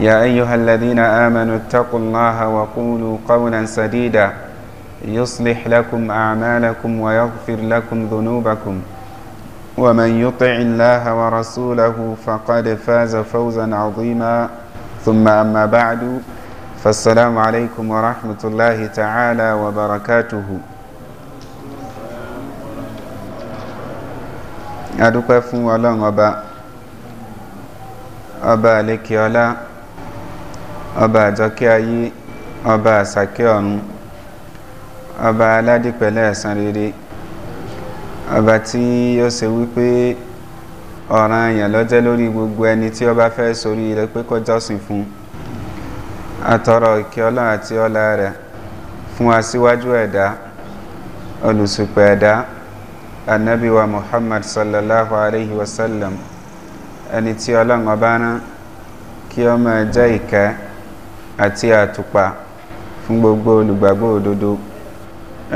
يا أيها الذين آمنوا اتقوا الله وقولوا قولا سديدا يصلح لكم أعمالكم ويغفر لكم ذنوبكم ومن يطع الله ورسوله فقد فاز فوزا عظيما ثم أما بعد فالسلام عليكم ورحمة الله تعالى وبركاته adúpẹ́ الله أبا أبا لك يا الله ọba àjọkẹ́ ayé ọba àsàkẹ́ ọ̀run ọba aládìpẹ̀lẹ̀ ẹ̀sán rere ọba tí ó ṣe wípé ọ̀ràn èèyàn lọ́jẹ́ lórí gbogbo ẹni tí ọba fẹ́ sórí rẹ pé kọjọ́ sìn fún àtọ̀rọ̀ ìkẹ́ ọlọ́run àti ọlá rẹ̀ fún aṣíwájú ẹ̀dá olùsùpẹ̀ ẹ̀dá anabiwa muhammad sallallahu alayhi wa sallam ẹni tí ọlọ́run ọba rán kí ọmọ ẹjẹ́ ìkẹ́ àti àtùpà fún gbogbo olùgbàgbọ́ òdodo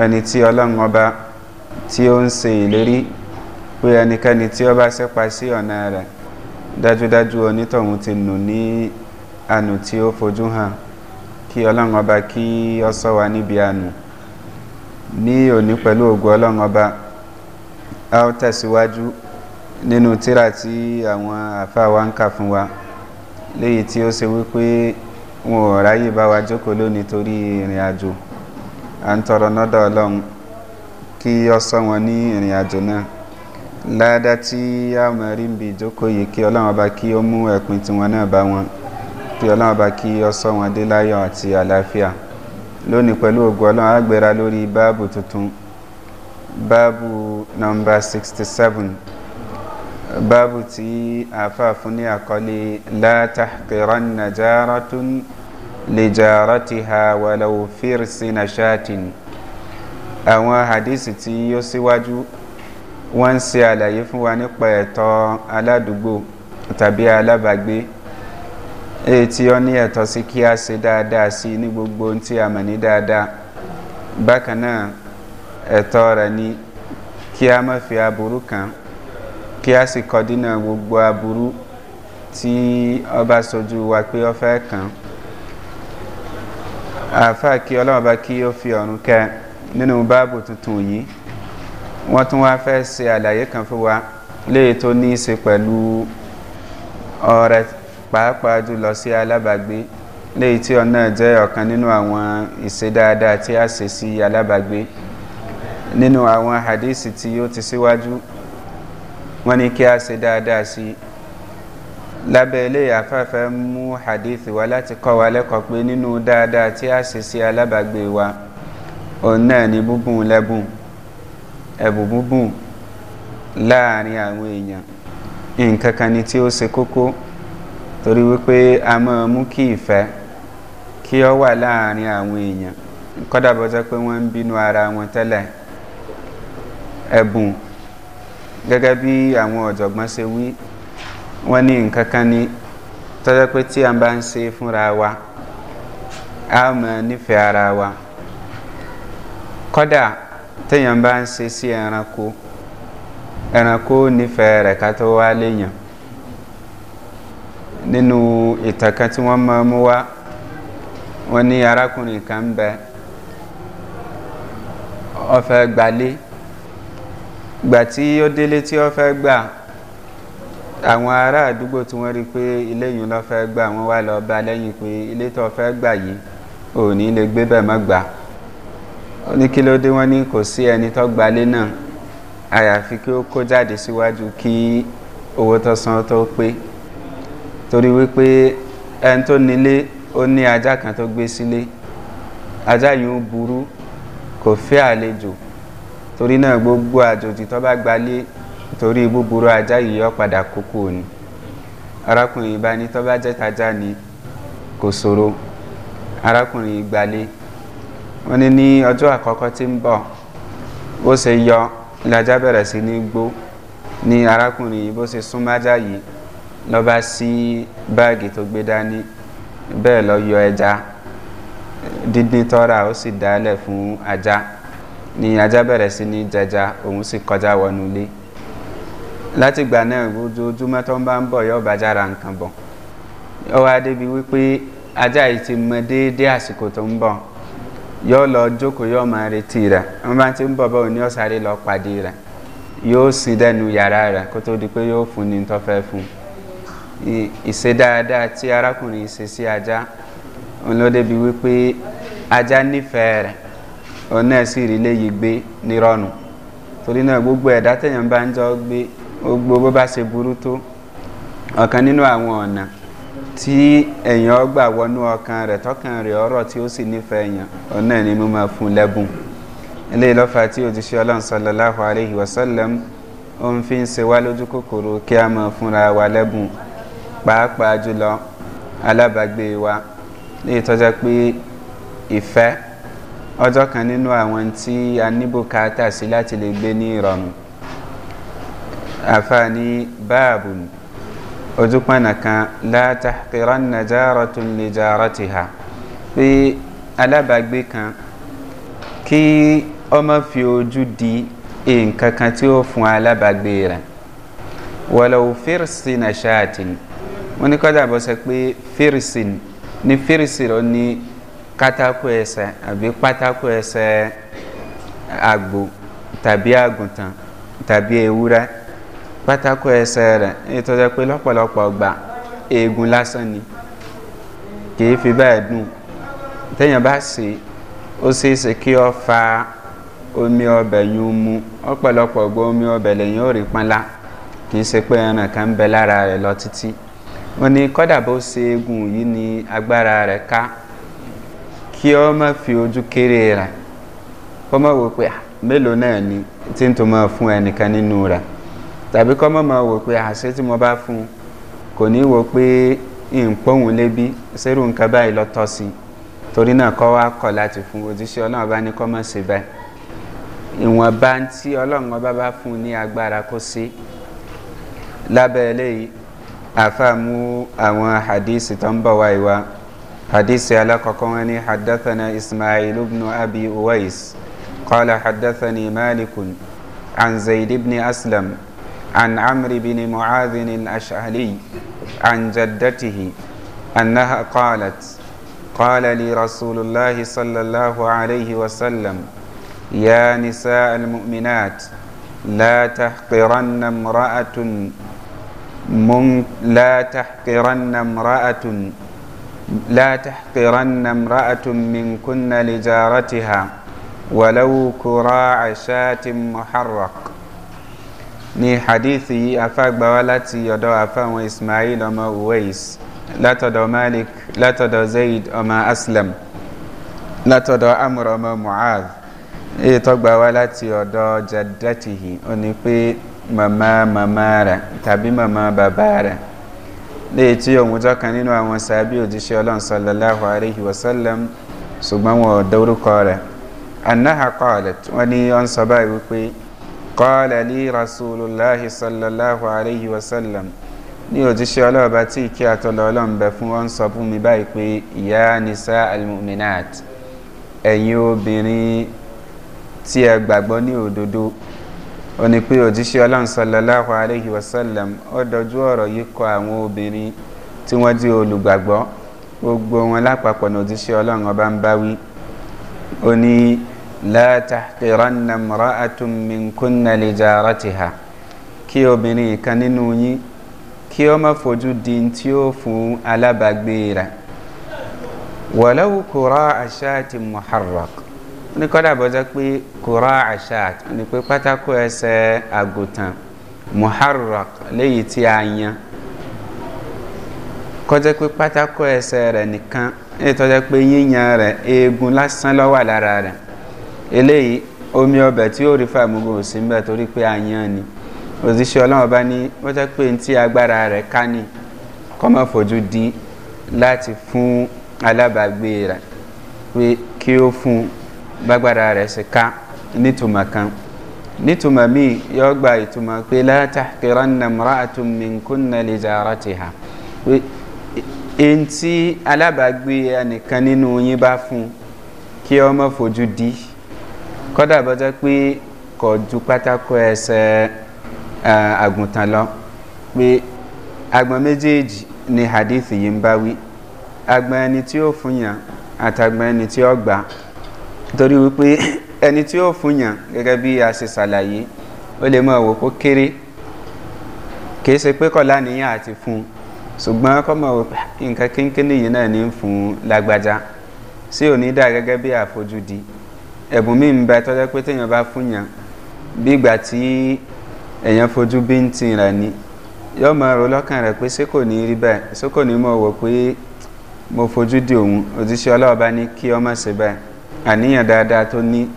ẹni tí ọlọ́run ọba tí ó ń se ìlérí pé ẹnikẹ́ni tí ó bá sẹ́pa sí ọ̀nà rẹ̀ dájúdájú onítọ̀hún ti nù ní ànù tí ó fojú hàn kí ọlọ́run ọba kí ọ sọ wa níbi ànù ní òní pẹ̀lú ògùn ọlọ́run ọba a ó tẹ̀síwájú nínú tíra tí àwọn àfáà wa ń kà fún wa léyìí tí ó se wípé wọn ò ráyè bá wa jókòó lónìí torí ìrìn àjò à ń tọrọ nọ́dọ̀ ọlọ́run kí ọ sọ wọn ní ìrìn àjò náà láàdá tí a mọ̀ rí ń bi ìjókòó yìí kí ọlọ́run ọba kí ó mú ẹ̀pin tiwọn náà bá wọn kí ọlọ́run ọba kí ọ wọn dé láyọ̀ àti àlàáfíà lónìí pẹ̀lú ògùn ọlọ́run àgbéra lórí báàbù tuntun báàbù nọmba sixty seven báàbù tí àáfàá fún ní àkọlé látàkìrán nàjàrátún lè jàrátì ha wàlàwò fèrèsé nàṣàtìn àwọn hadisi tí ó síwájú wọ́n ń se àlàyé fún wa nípa ẹ̀tọ́ aládùúgbò tàbí alábàgbé èyí tí ó ní ẹ̀tọ́ sí kí a se dáadáa sí ní gbogbo tí a mọ̀ ní dáadáa bákan náà ẹ̀tọ́ rẹ̀ ni kí a má fi aburú kan kí a sì kọ́ dínà gbogbo aburú tí ọba sojú wa pé ọ fẹ́ kàn àáfà kí ọlọ́run bá kí ó fi ọ̀run kẹ nínú báàbù tuntun yìí wọ́n tún wá fẹ́ ṣe àlàyé kan fún wa léè tó ní í ṣe pẹ̀lú ọ̀rẹ́ pàápàá jùlọ sí alábàgbé léè tí ọ̀nà jẹ́ ọ̀kan nínú àwọn ìṣe dáadáa tí a ṣe sí alábàgbé nínú àwọn hadisi tí ó ti síwájú. Si wani ní kí a ṣe dáadáa sí i lábẹ́ ilé afẹ́fẹ́ mú hadith wa láti kọ́ wa lẹ́kọ̀ọ́ pé nínú dáadáa tí a ṣe sí alábàgbé wa òun náà ni búbùn lẹ́bùn ẹ̀bùn búbùn láàrin àwọn èèyàn nǹkan kan ni tí ó ṣe kókó torí wípé a máa mú kí ìfẹ́ kí ọ wà láàrin àwọn èèyàn kọ́dà bọ́jọ́ pé wọ́n ń bínú ara wọn tẹ́lẹ̀ ẹ̀bùn gẹ́gẹ́ bí àwọn ọ̀jọ̀gbọ́n ṣe wí wọ́n ní nǹkan kan ní tọ́jọ́ pé tí a bá ń ṣe fúnra wa a mọ̀ nífẹ̀ẹ́ ara wa kọ́dà téèyàn bá ń ṣe sí ẹranko ẹranko nífẹ̀ẹ́ rẹ̀ ká tó wá léèyàn nínú ìtàn kan tí wọ́n máa mú wá wọ́n ní arákùnrin kan ń bẹ ọ gbalé gbà tí ó délé tí ó fẹ́ gbà àwọn ará àdúgbò tí wọ́n rí pé ilé yìí lọ́ fẹ́ gbà wọ́n wá lọ bá lẹ́yìn pé ilé tó fẹ́ gbà yìí ò ní lè gbé bẹ̀ mọ́ gbà ó ní kí ló dé wọ́n ní kò sí ẹni tó gbalé náà àyàfi kí ó kó jáde síwájú kí owó tó san tó pé torí wípé ẹni tó nílé ó ní ajá kan tó gbé sílé ajá yìí ń burú kò fẹ́ àlejò torí náà gbogbo àjòjì tó bá gbalé torí búburú ajá yìí ó padà kúkú ni arákùnrin ìbá ní tó bá jẹ́ ni kò ṣòro arákùnrin ìgbàlé wọ́n ní ní ọjọ́ àkọ́kọ́ tí ń bọ̀ ó ṣe yọ lajá bẹ̀rẹ̀ sí ní gbó ní arákùnrin yìí bó ṣe súnmájá yìí lọ bá sí báàgì tó gbé dání bẹ́ẹ̀ lọ yọ ẹja dídín tọ́ra ó sì dálẹ̀ fún ajá. ni ajá bẹ̀rẹ̀ sí ní jẹja òun sì kọjá wọnú ilé látìgbà náà ojoojúmọ́ tó ń bá ń bọ̀ yóò bá jára nǹkan bọ̀ ó wípé ajá yìí ti mọ déédéé àsìkò tó ń bọ̀ yóò lọ jókòó yóò máa retí rẹ̀ wọ́n bá ti ń bọ̀ bọ́ òní ọ̀sáré lọ pàdé rẹ̀ yóò sin dẹ́nu yàrá rẹ̀ kó tó di pé yóò fún ni tó fẹ́ fún ìṣe dáadáa tí arákùnrin ṣe sí ajá òun ló débi wípé ajá òun náà sì rí léyìí gbé nírọ̀nù torí náà gbogbo ẹ̀dá tẹ̀yàn bá ń jọ gbé gbogbo bó bá ṣe burú tó ọ̀kan nínú àwọn ọ̀nà tí èèyàn gbà wọnú ọkàn rẹ̀ tọkàn rẹ̀ ọ̀rọ̀ tí ó sì nífẹ̀ẹ́ èèyàn òun náà ni mo máa fún lẹ́bùn eléyìí lọ́fà tí òjíṣẹ́ ọlọ́run sọlọ láhùn àríhì wọ́sọ́lẹ̀m ó ń fi ń ṣe wá lójú kòkòrò kí a mọ̀ fúnra wa lẹ́bùn pàápàá jùlọ alábàágbé wa léyìí tọ́já pé ìfẹ́ ọjọ́ kan nínú àwọn tí a níbò káàtà sí láti lè gbé ní ìrọ̀rùn àfààní báàbù ojúpọ̀nà kan látàkìrán nàjàrọ̀ tó lè jàrọ̀ ti hà pé alábàágbé kan kí ọmọ fi ojú di nǹkan kan tí ó fún alábàágbé rẹ̀ wọ́lọ́wọ́ fírìsìn àṣà àtìní wọ́n ní kọ́dà bọ́ pé fírìsìn ní fírìsìn ó ní kátákó ẹsẹ̀ àbí pátákó ẹsẹ̀ àgbò tàbí àgùntàn tàbí ewúrẹ pátákó ẹsẹ̀ rẹ nítorí pé eegun lásán ni kìí fi bẹ́ẹ̀ dùn téèyàn bá sè ó ṣeé ṣe fa omi ọbẹ̀ yún mu ọ̀pọ̀lọpọ̀ gbọ́ omi ọbẹ̀ lẹ́yìn ó rí pánlá kìí ṣe pé ẹran kan ń bẹ lára lọ títí bó ṣe eegun yìí ni kí ọ má fi ojú kéré ra kọ́ má wò pé mélòó náà ni tí n tó máa fún ẹnìkan nínú rẹ̀ tàbí kọ́ máa wò pé àṣẹ tí mo bá fún kò ní wò pé ìǹpọ̀hùn lébi sẹ́rù nǹkan báyìí lọ́tọ́ sí torí náà kọ́ wá kọ̀ láti fún ọlọ́run bá ní kọ́ ìwọ̀n bá ń tí ọlọ́run ọba bá fún ní agbára kó sí lábẹ́ eléyìí àfàmú àwọn tó Wa حديث علاقة قواني حدثنا إسماعيل بن أبي أويس قال حدثني مالك عن زيد بن أسلم عن عمرو بن معاذ الأشعلي عن جدته أنها قالت قال لي رسول الله صلى الله عليه وسلم يا نساء المؤمنات لا تحقرن امرأة لا تحقرن امرأة لا تحقرن امرأة من منكن لجارتها ولو كراع شاة محرق ni hadithi yìí afa gbawa láti ọ̀dọ̀ afa àwọn ismail ọmọ uwais látọ̀dọ̀ malik látọ̀dọ̀ zayd ọmọ aslam látọ̀dọ̀ amur ọmọ muad èyí tó gbawa láti ọ̀dọ̀ jadatihi ó ní pé màmá màmá rẹ̀ tàbí ní etí òmùjọ́ kan nínú àwọn sàábí òjíṣẹ́ ọlọ́run sọlọ́láhu aríhi wasallam ṣùgbọ́n wọn ò dórúkọ rẹ̀ anáhà kọ́ọ̀lẹ̀ wọn ni wọ́n sọ báyìí wípé kọ́ọ̀lẹ̀ lí rasulillah sọlọ́láhu aríhi wasallam ní òjíṣẹ́ ọlọ́ọ̀bá tí ìkí àtọ́lọ́ ọlọ́run bẹ fún wọn sọ fún mi báyìí pé ìyá nisa almuminat ẹ̀yin obìnrin tí ẹ gbàgbọ́ ní òdodo ó ní pé òjíṣẹ́ ọlọ́run sallallahu alayhi wa sallam ó dọjú ọ̀rọ̀ yìí kọ àwọn obìnrin tí wọ́n di olùgbàgbọ́ gbogbo wọn lápapọ̀ ní òjíṣẹ́ ọlọ́run ọba ń bá wí ó ní látàkìránà mọ́ràtúnmínkúnnà lè jàrá ti hà kí obìnrin kan nínú yín kí ó má fojú di tí ó fún alábàgbé rẹ̀ wọ́lọ́wù kúrọ́ àṣà ti muharrak ní kọ́dà bọ́ jẹ́ pé kura ashat ni pé pátákó ẹsẹ̀ àgùntàn muharrak léyìí tí a yan kọjá pé pátákó ẹsẹ̀ rẹ̀ nìkan èyí tó jẹ́ pé yíyan rẹ̀ eegun lásán ló wà lára rẹ̀ eléyìí omi ọbẹ̀ tí ó rí fàmúgò sí mbẹ́ torí pé a yan ni òṣìṣẹ́ ọlọ́run bá ní wọ́n jẹ́ pé ntí agbára rẹ̀ ká ní kọ́mọ́ fojú di láti fún alábàágbé rẹ̀ pé kí ó fún un gbàgbára rẹ̀ sì ká nítumọ̀ kan nítumọ̀ míì yọ gba ìtumọ̀ pé látàkìrán nàmúrà àtúnmínkúnnà lè jàrá ti hà pé èyí tí alábàágbé ẹnìkan nínú yín bá fún kí ọmọ fojú di kọ́dà bọ́jọ́ pé kò ju pátákó ẹsẹ̀ àgùntàn lọ pé agbọn méjèèjì ni hadith yìí ń bá wí agbọn ẹni tí ó fún yàn àtàgbọn ẹni tí ó gbà á torí wípé ẹni tí ó fún yàn gẹ́gẹ́ bí a ṣe ṣàlàyé ó lè mọ̀ wò kó kéré kìí ṣe pé kọ́lá nìyàn àti fún ṣùgbọ́n kọ́mọ̀ wò nǹkan kínkínní yìí náà ní fún lágbájá sí òní dà gẹ́gẹ́ bí àfojúdi ẹ̀bùn mi ń bẹ tọ́jọ́ pé téèyàn bá fún yàn bí ìgbà tí èèyàn fojú bí ń tì rẹ̀ ni yóò máa ro lọ́kàn rẹ̀ pé ṣé kò ní rí bẹ́ẹ̀ ṣé kò ní mọ̀ wò pé mo fojú di òun òjíṣẹ́ ọlọ́ọ̀bá ní kí ọmọ ṣe bẹ́ẹ̀ àníyàn dáadáa tó ní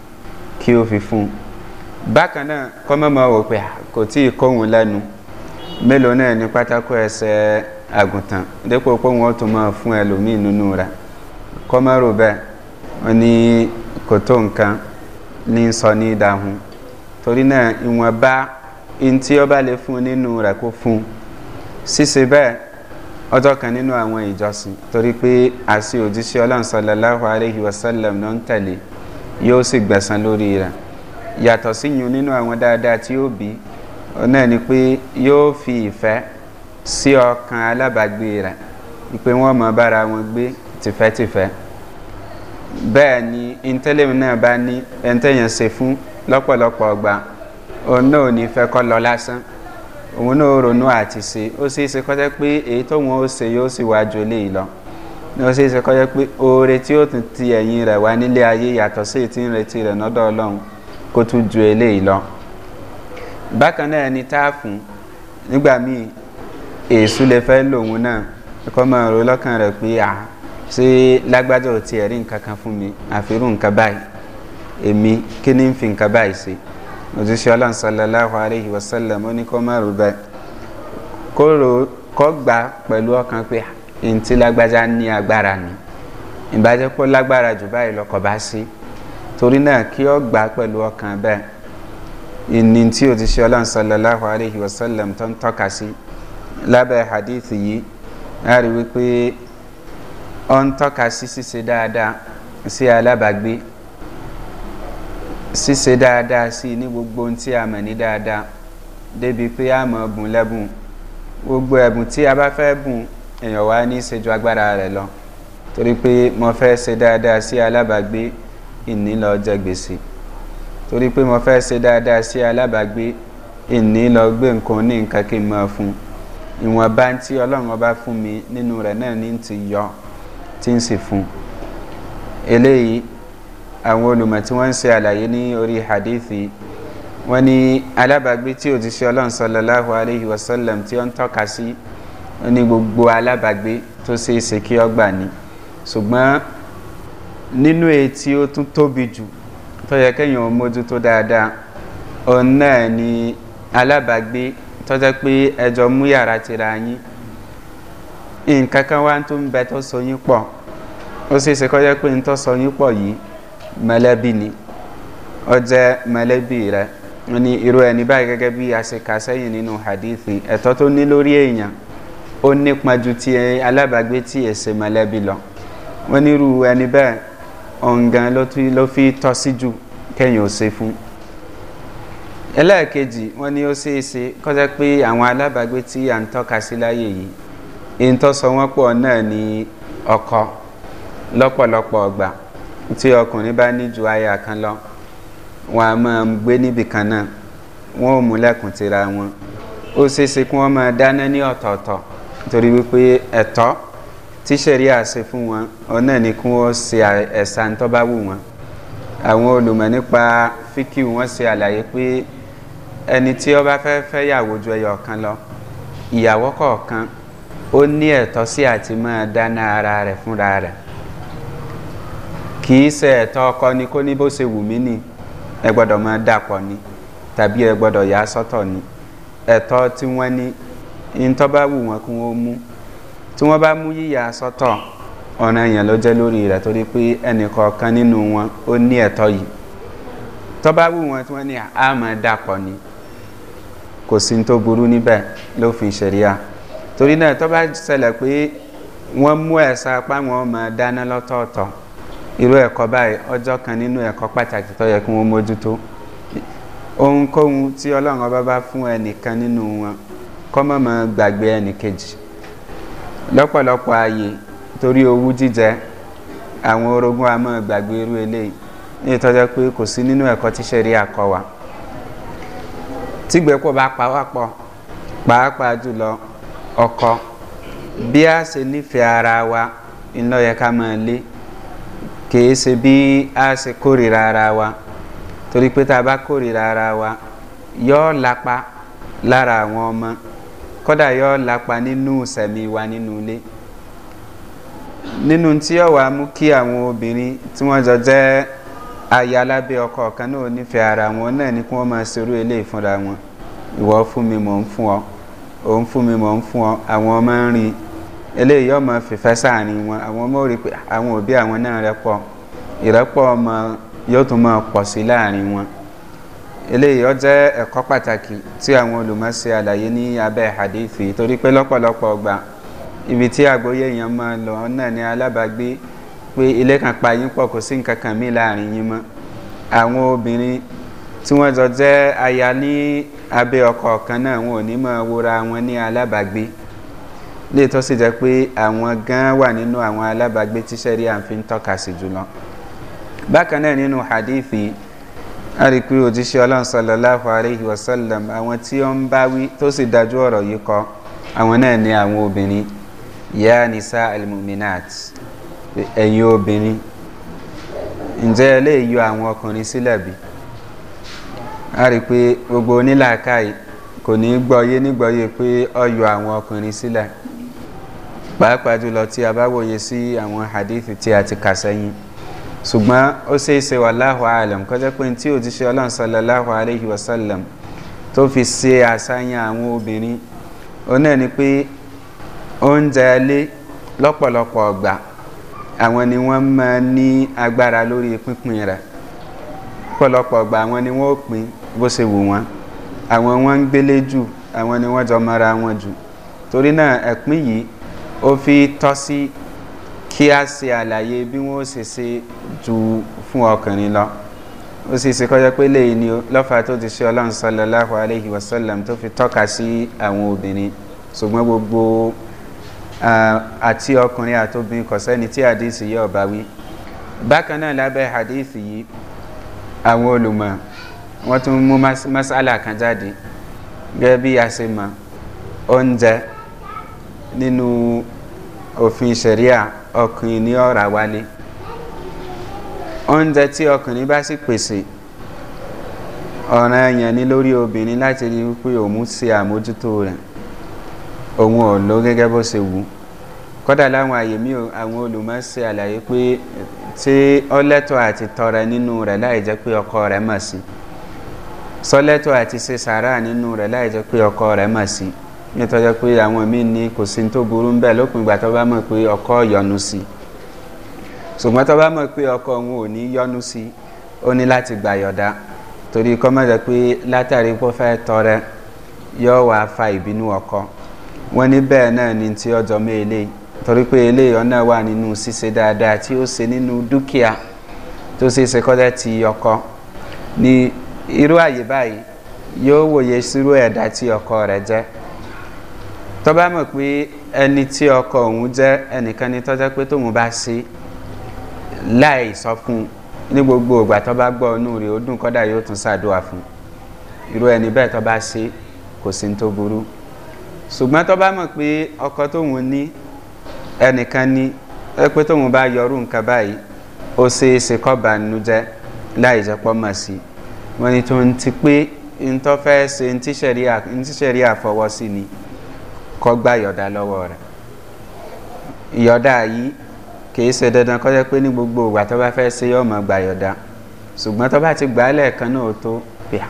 kí o fi fún un bákan náà kọ́mọ́mọ́ wò pé kò tí ì kóhun lẹ́nu mélòó náà ní pátákó ẹsẹ̀ àgùntàn dépò pé wọ́n tún máa fún ẹlòmíì nínú rẹ̀ kọ́mọ́rò bẹ́ẹ̀ wọ́n ní kò tó nǹkan ní sọ ní ìdáhùn torí náà ntí ọba lè fún nínú rẹ̀ kó fún ọjọ́ kan nínú àwọn ìjọsìn torí pé àṣì òjíṣẹ́ ọlọ́nsọ̀lọ́láhùn aláhi wasallam ló ń tẹ̀lé yóò sì gbẹ̀sán lórí rẹ̀ yàtọ̀ síyun nínú àwọn dáadáa tí ó bí náà ni pé yóò fi ìfẹ́ sí ọkàn alábàágbé rẹ̀ pé wọ́n mọ bára wọn gbé tìfẹ́tìfẹ́ bẹ́ẹ̀ ni intẹ́lẹ̀mù náà bá ní ẹ̀ńtẹ́yẹn ṣe fún lọ́pọ̀lọpọ̀ ọgbà òun náà ò ní fẹ́ kọ́ lọ lásán òun náà ronú àti ṣe ó sì ṣe kọjá pé èyí tóun ó ṣe yóò sì wájú ilé yìí lọ ní ó sì ṣe kọjá pé oore tí ó tún ti ẹ̀yìn rẹ̀ wá nílé ayé yàtọ̀ sí ti ń retí rẹ̀ lọ́dọ̀ ọlọ́run kó tún ju eléyìí lọ bákan náà ni táàfùn nígbà míì èṣù lè fẹ́ lòun náà kọ́ mọ̀ ọ̀rọ̀ lọ́kàn rẹ̀ pé à ṣé lágbájá ò tiẹ̀ rí nǹkan kan fún mi àfihàn nǹkan báyìí èmi kí ni ń fi nǹkan báyìí ṣe òjíṣẹ́ ọlọ́run sọlọ́láhu aleyhi wa sálẹ̀m ó ní kó má rò bẹ́ẹ̀ kó rò gbà pẹ̀lú ọkàn pé ntí lágbájá ní agbára ni ìbájẹ́ pé lágbára jù báyìí lọ́kọ̀ bá sí torí náà kí ó gbà pẹ̀lú ọkàn bẹ́ẹ̀ ìní tí òjíṣẹ́ ọlọ́run sọlọ́láhu aleyhi wa sálẹ̀m tó ń tọ́ka sí lábẹ́ hadith yìí a rí wípé ó ń tọ́ka sí ṣíṣe dáadáa sí alábàágbé ṣíṣe dáadáa sí ní gbogbo ohun tí a mọ̀ ní dáadáa débi pé a mọ̀ bùn lẹ́bùn gbogbo ẹ̀bùn tí a bá fẹ́ bùn èèyàn wá ní ṣe ju agbára rẹ̀ lọ torí pé mo fẹ́ ṣe dáadáa sí alábàágbé ìní lọ jẹ gbèsè torí pé mo fẹ́ ṣe dáadáa sí alábàágbé ìní lọ gbé nǹkan ní nǹkan kí n máa fún ìwọ̀nba tí ọlọ́run ọba fún mi nínú rẹ̀ náà ní ti yọ tí ń sì fún eléyìí àwọn olùmọ̀ tí wọ́n ń ṣe àlàyé ní orí hadithi wọ́n ní alábàágbé tí òjíṣẹ́ ọlọ́run sọlọ́láhùn aláhi wasallam tí ó ń tọ́ka sí ní gbogbo alábàágbé tó ṣe é ṣe kí ọ gbà ní ṣùgbọ́n nínú etí ó tún tóbi jù tó yẹ kéèyàn mójútó dáadáa òun náà ni alábàágbé tọ́jọ́ pé ẹjọ́ mú yàrá tira yín nǹkan kan wá tó ń bẹ tó so yín pọ̀ ó ṣe é ṣe kọ́jọ́ pé ń tó so yín pọ̀ yìí Malabini, ni ó jẹ́ mẹlẹ́bí rẹ̀ ní irú ẹni báyìí gẹ́gẹ́ bí a ṣe kà hadithi ẹ̀tọ́ tó ní lórí èèyàn ó nípa ju ti alábàágbé tí èsè mọ̀lẹ́bí lọ wọ́n nírú ẹni bẹ́ẹ̀ ọ̀ǹgàn ló fi tọ́ sí jù kẹ́yìn ò ṣe fún ẹlẹ́ẹ̀kejì wọ́n ní ó ṣeé ṣe kọ́jẹ́ pé àwọn alábàágbé tí à ń tọ́ka sí láyè yìí ìǹtọ́sọ wọn pọ̀ náà ní ọkọ lọ́pọ̀lọpọ̀ ọgbà tí ọkùnrin bá ní ju aya kan lọ wọn a máa gbé níbì kan náà wọn ò mú tira wọn ó ṣeéṣe kí wọ́n máa dáná ní ọ̀tọ̀ọ̀tọ̀ torí wípé ẹ̀tọ́ tí sẹ̀rí àṣẹ fún wọn òun náà ni kí wọ́n ṣe ẹ̀sà ń tọ́ba wù wọn àwọn olùmọ̀ nípa fíkì wọn ṣe àlàyé pé ẹni tí ọba fẹ́ fẹ́ yàwó ju ẹyọ kan lọ ìyàwó kọ̀ọ̀kan ó ní ẹ̀tọ́ sí àti máa dáná ara rẹ̀ fúnra rẹ̀ kì í ṣe ẹ̀tọ́ ọkọ ni kó ní bó ṣe wù mí ni ẹ gbọ́dọ̀ máa dàpọ̀ ni tàbí ẹ gbọ́dọ̀ yà á sọ́tọ̀ ni ẹ̀tọ́ tí wọ́n ní ìtọ́ bá wù wọ́n kí wọ́n mú tí wọ́n bá mú yíyà sọ́tọ̀ ọ̀nà èèyàn ló jẹ́ lórí rẹ̀ torí pé ẹnìkọ̀ọ̀kan nínú wọn ó ní ẹ̀tọ́ yìí tọ́ bá wù wọ́n tí wọ́n ní àmọ́ dàpọ̀ ni kò sí tó burú níbẹ̀ lófin ṣẹ̀ríà torí náà tọ́ bá ṣẹlẹ̀ pé wọ́n mú ẹ̀sà apá wọn dáná lọ́tọ̀ọ̀tọ̀ irú ẹ̀kọ́ báyìí ọjọ́ kan nínú ẹ̀kọ́ pàtàkì tó yẹ kí wọ́n mójútó ohunkóhun tí ọlọ́run ọba bá fún ẹnìkan nínú wọn kọ́ mọ̀ mọ́ gbàgbé ẹnìkejì lọ́pọ̀lọpọ̀ ààyè torí owú jíjẹ àwọn orogún a mọ̀ gbàgbé irú eléyìí ní ìtọ́jọ́ pé kò sí nínú ẹ̀kọ́ tí sẹ́rí àkọ́ wa tígbẹ́pọ̀ bá pa wá pọ̀ pàápàá jùlọ ọkọ bí a ṣe nífẹ̀ẹ́ ara wa iná yẹ ká máa lé kìí ṣe bí a ṣe kórìíra ara wa torí pé tá a bá kórìíra ara wa yóò lapa lára àwọn ọmọ kódà yóò lapa nínú ìsẹ̀mí wa nínú ilé nínú tí yóò wá mú kí àwọn obìnrin tí wọ́n jọ jẹ́ aya alábẹ́ ọkọ ọ̀kan náà nífẹ̀ẹ́ ara wọn náà ni kí wọ́n máa ṣerú ilé ìfúnra wọn ìwọ fún mi mò ń fún ọ òun fún mi mò ń fún ọ àwọn ọmọ ń rìn eléyìí ọmọ fìfẹ́ sáàrin wọn àwọn ọmọ rí pé àwọn òbí àwọn náà rẹpọ̀ ìrẹ́pọ̀ ọmọ yóò tún máa pọ̀ sí láàrin wọn eléyìí ọ jẹ́ ẹ̀kọ́ pàtàkì tí àwọn olùmọ̀ọ́sí àlàyé ní abẹ́ hadithi torí pé lọ́pọ̀lọpọ̀ ọgbà ibi tí àgbóyè èèyàn máa lọ náà ní alábàágbé pé ilé kan pa yín pọ̀ kò sí nǹkan kan mí láàrin yín mọ́ àwọn obìnrin tí wọ́n jọ jẹ́ aya ní abẹ́ ọkọ̀ kan náà wọn ò ní máa wora wọn ní alábàágbé lè tó sì jẹ́ pé àwọn gan wà nínú àwọn alábàágbé tíṣẹ́ rí à ń fi ń tọ́ka sí jùlọ bákan náà nínú hadithi a rí pé òjíṣẹ́ ọlọ́run sọlọ́láhu aleyhi wasallam àwọn tí ó ń bá wí tó sì dájú ọ̀rọ̀ yìí kọ àwọn náà ní àwọn obìnrin ya nisa almuminat ẹ̀yin obìnrin ǹjẹ́ ẹ lè yọ àwọn ọkùnrin sílẹ̀ bí a rí pé gbogbo onílàákàyè kò ní gbọ́yé nígbọ́yé pé ọyọ àwọn ọkùnrin sílẹ̀ pàápàá jùlọ tí a bá wòye sí àwọn hadithi tí a ti kà sẹ́yìn ṣùgbọ́n ó ṣe é ṣe wà láhùn àlẹm kọjá pé tí òjíṣẹ́ ọlọ́run sọlọ láhùn àlehi wasallam tó fi ṣe àṣàyàn àwọn obìnrin ó náà ni pé oúnjẹ alé lọ́pọ̀lọpọ̀ ọgbà àwọn ni wọ́n máa ní agbára lórí pínpín rẹ̀ lọ́pọ̀lọpọ̀ ọgbà àwọn ni wọ́n ó pin bó ṣe wù wọ́n àwọn wọ́n ń gbélé jù àwọn ni wọ́n jọ mara wọn jù torí náà ẹ̀pín yìí ó fi tọ́ sí kí a ṣe àlàyé bí wọ́n ṣe ṣe ju fún ọkùnrin lọ ó sì ṣe kọjá pé lẹ́yìn ni lọ́fà tó ti ṣe ọlọ́run sọlọ́láhùn aláìhí wasallam tó fi tọ́ka sí àwọn obìnrin ṣùgbọ́n gbogbo àti ọkùnrin àtobìnrin kò sẹ́ni tí àdéhìsì yóò bá wí bákan náà lábẹ́ àdéhìsì yìí àwọn olùmọ̀ wọ́n tún mú masala kan jáde gẹ́gẹ́ bí a ṣe mọ̀ oúnjẹ nínú òfin sẹ̀ríà ọkùnrin ní ọ̀rà wálé oúnjẹ tí ọkùnrin bá sì pèsè ọ̀ràn èèyàn ní lórí obìnrin láti rí wípé òun ṣe àmójútó rẹ̀ òun ò ló gẹ́gẹ́ bó ṣe wù kódà láwọn àyè mí àwọn olùmọ̀ àlàyé pé tí ọlẹ́tọ̀ àti tọrẹ nínú rẹ̀ láì jẹ́ pé ọkọ rẹ̀ mọ̀ sí sọlẹ́tọ̀ àti ṣe sàárà nínú rẹ̀ láì jẹ́ pé ọkọ rẹ̀ mọ̀ sí nítorí pé àwọn míì ní kò sí tó burú ń bẹ̀ lópin ìgbà tó bá mọ̀ pé ọkọ yọnu sí i ṣùgbọ́n tó bá mọ̀ pé ọkọ òun ò ní yọnu sí i ó ní láti gbà yọ̀dá torí kọ́ mọ̀ jẹ́ pé látàrí pé ó fẹ́ tọrẹ yọ wà fa ìbínú ọkọ wọn ní bẹ́ẹ̀ náà ni tí ọjọ́ mé eléyìí torí pé eléyìí ọ̀nà wà nínú ṣíṣe dáadáa tí ó ṣe nínú dúkìá tó ṣe ṣe kọ́jà ti ọkọ ní irú àyè báyìí yóò wòye sírú ẹ̀dá tí ọkọ rẹ̀ jẹ́ tó bá mọ̀ pé ẹni tí ọkọ òun jẹ́ ẹnìkan ni tọ́jọ́ pé tóun bá ṣe láì sọ fún un ní gbogbo ìgbà tó bá gbọ́ inú rẹ̀ ó dùn kọ́dà yóò tún ṣàdúrà fún un irú ẹni bẹ́ẹ̀ tó bá ṣe kò sí ní tó burú ṣùgbọ́n tó bá mọ̀ pé ọkọ tóun ní ẹnìkan ni ẹ pé tóun bá yọrù nǹkan báyìí ó ṣeé ṣe kọ́ bá nínú jẹ́ láì jẹ́ pọ́ mọ̀ sí wọ́n ní tó ń ti pé ntọ́fẹ́ ṣe ntíṣẹ̀rí àfọwọ́sí ni kọ́ gbá yọ̀dá lọ́wọ́ rẹ̀ yọ̀dá yìí kìí ṣe dandan kọ́ jẹ́ pé ní gbogbo ìgbà tó bá fẹ́ ṣe yọ̀ mọ̀ gbà yọ̀dá ṣùgbọ́n tó bá ti gbà á lẹ́ẹ̀kan náà ó tó pìà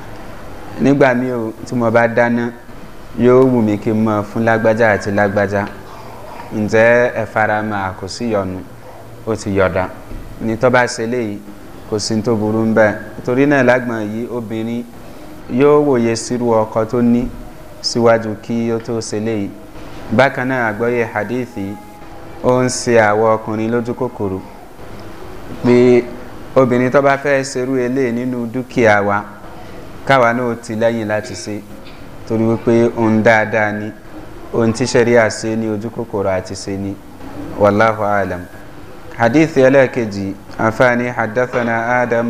nígbà míì tí mo bá dáná yóò wù mí kí n mọ̀ fún lágbájá àti lágbájá ǹjẹ́ ẹ fara mọ́ àkòsí yọ̀nu ó ti yọ̀dá ní tó bá ṣe léyìí kò sí tó burú ń bẹ́ẹ̀ torí náà lágbọ̀n yìí obìnrin yóò wòye sírú ọkọ tó ní síwájú kí ó tó ṣe léyìí bákan náà àgbọ́yé hadithi ó ń se àwọn ọkùnrin lójú kòkòrò pé obìnrin tó bá fẹ́ serú elé nínú dúkìá wa káwa náà ti lẹ́yìn láti se torí wípé ohun dáadáa ni ohun tí sẹ́rí àṣe ní ojú kòkòrò àti se ni wàláhu alam hadithi ẹlẹ́ẹ̀kejì àǹfààní hadathana adam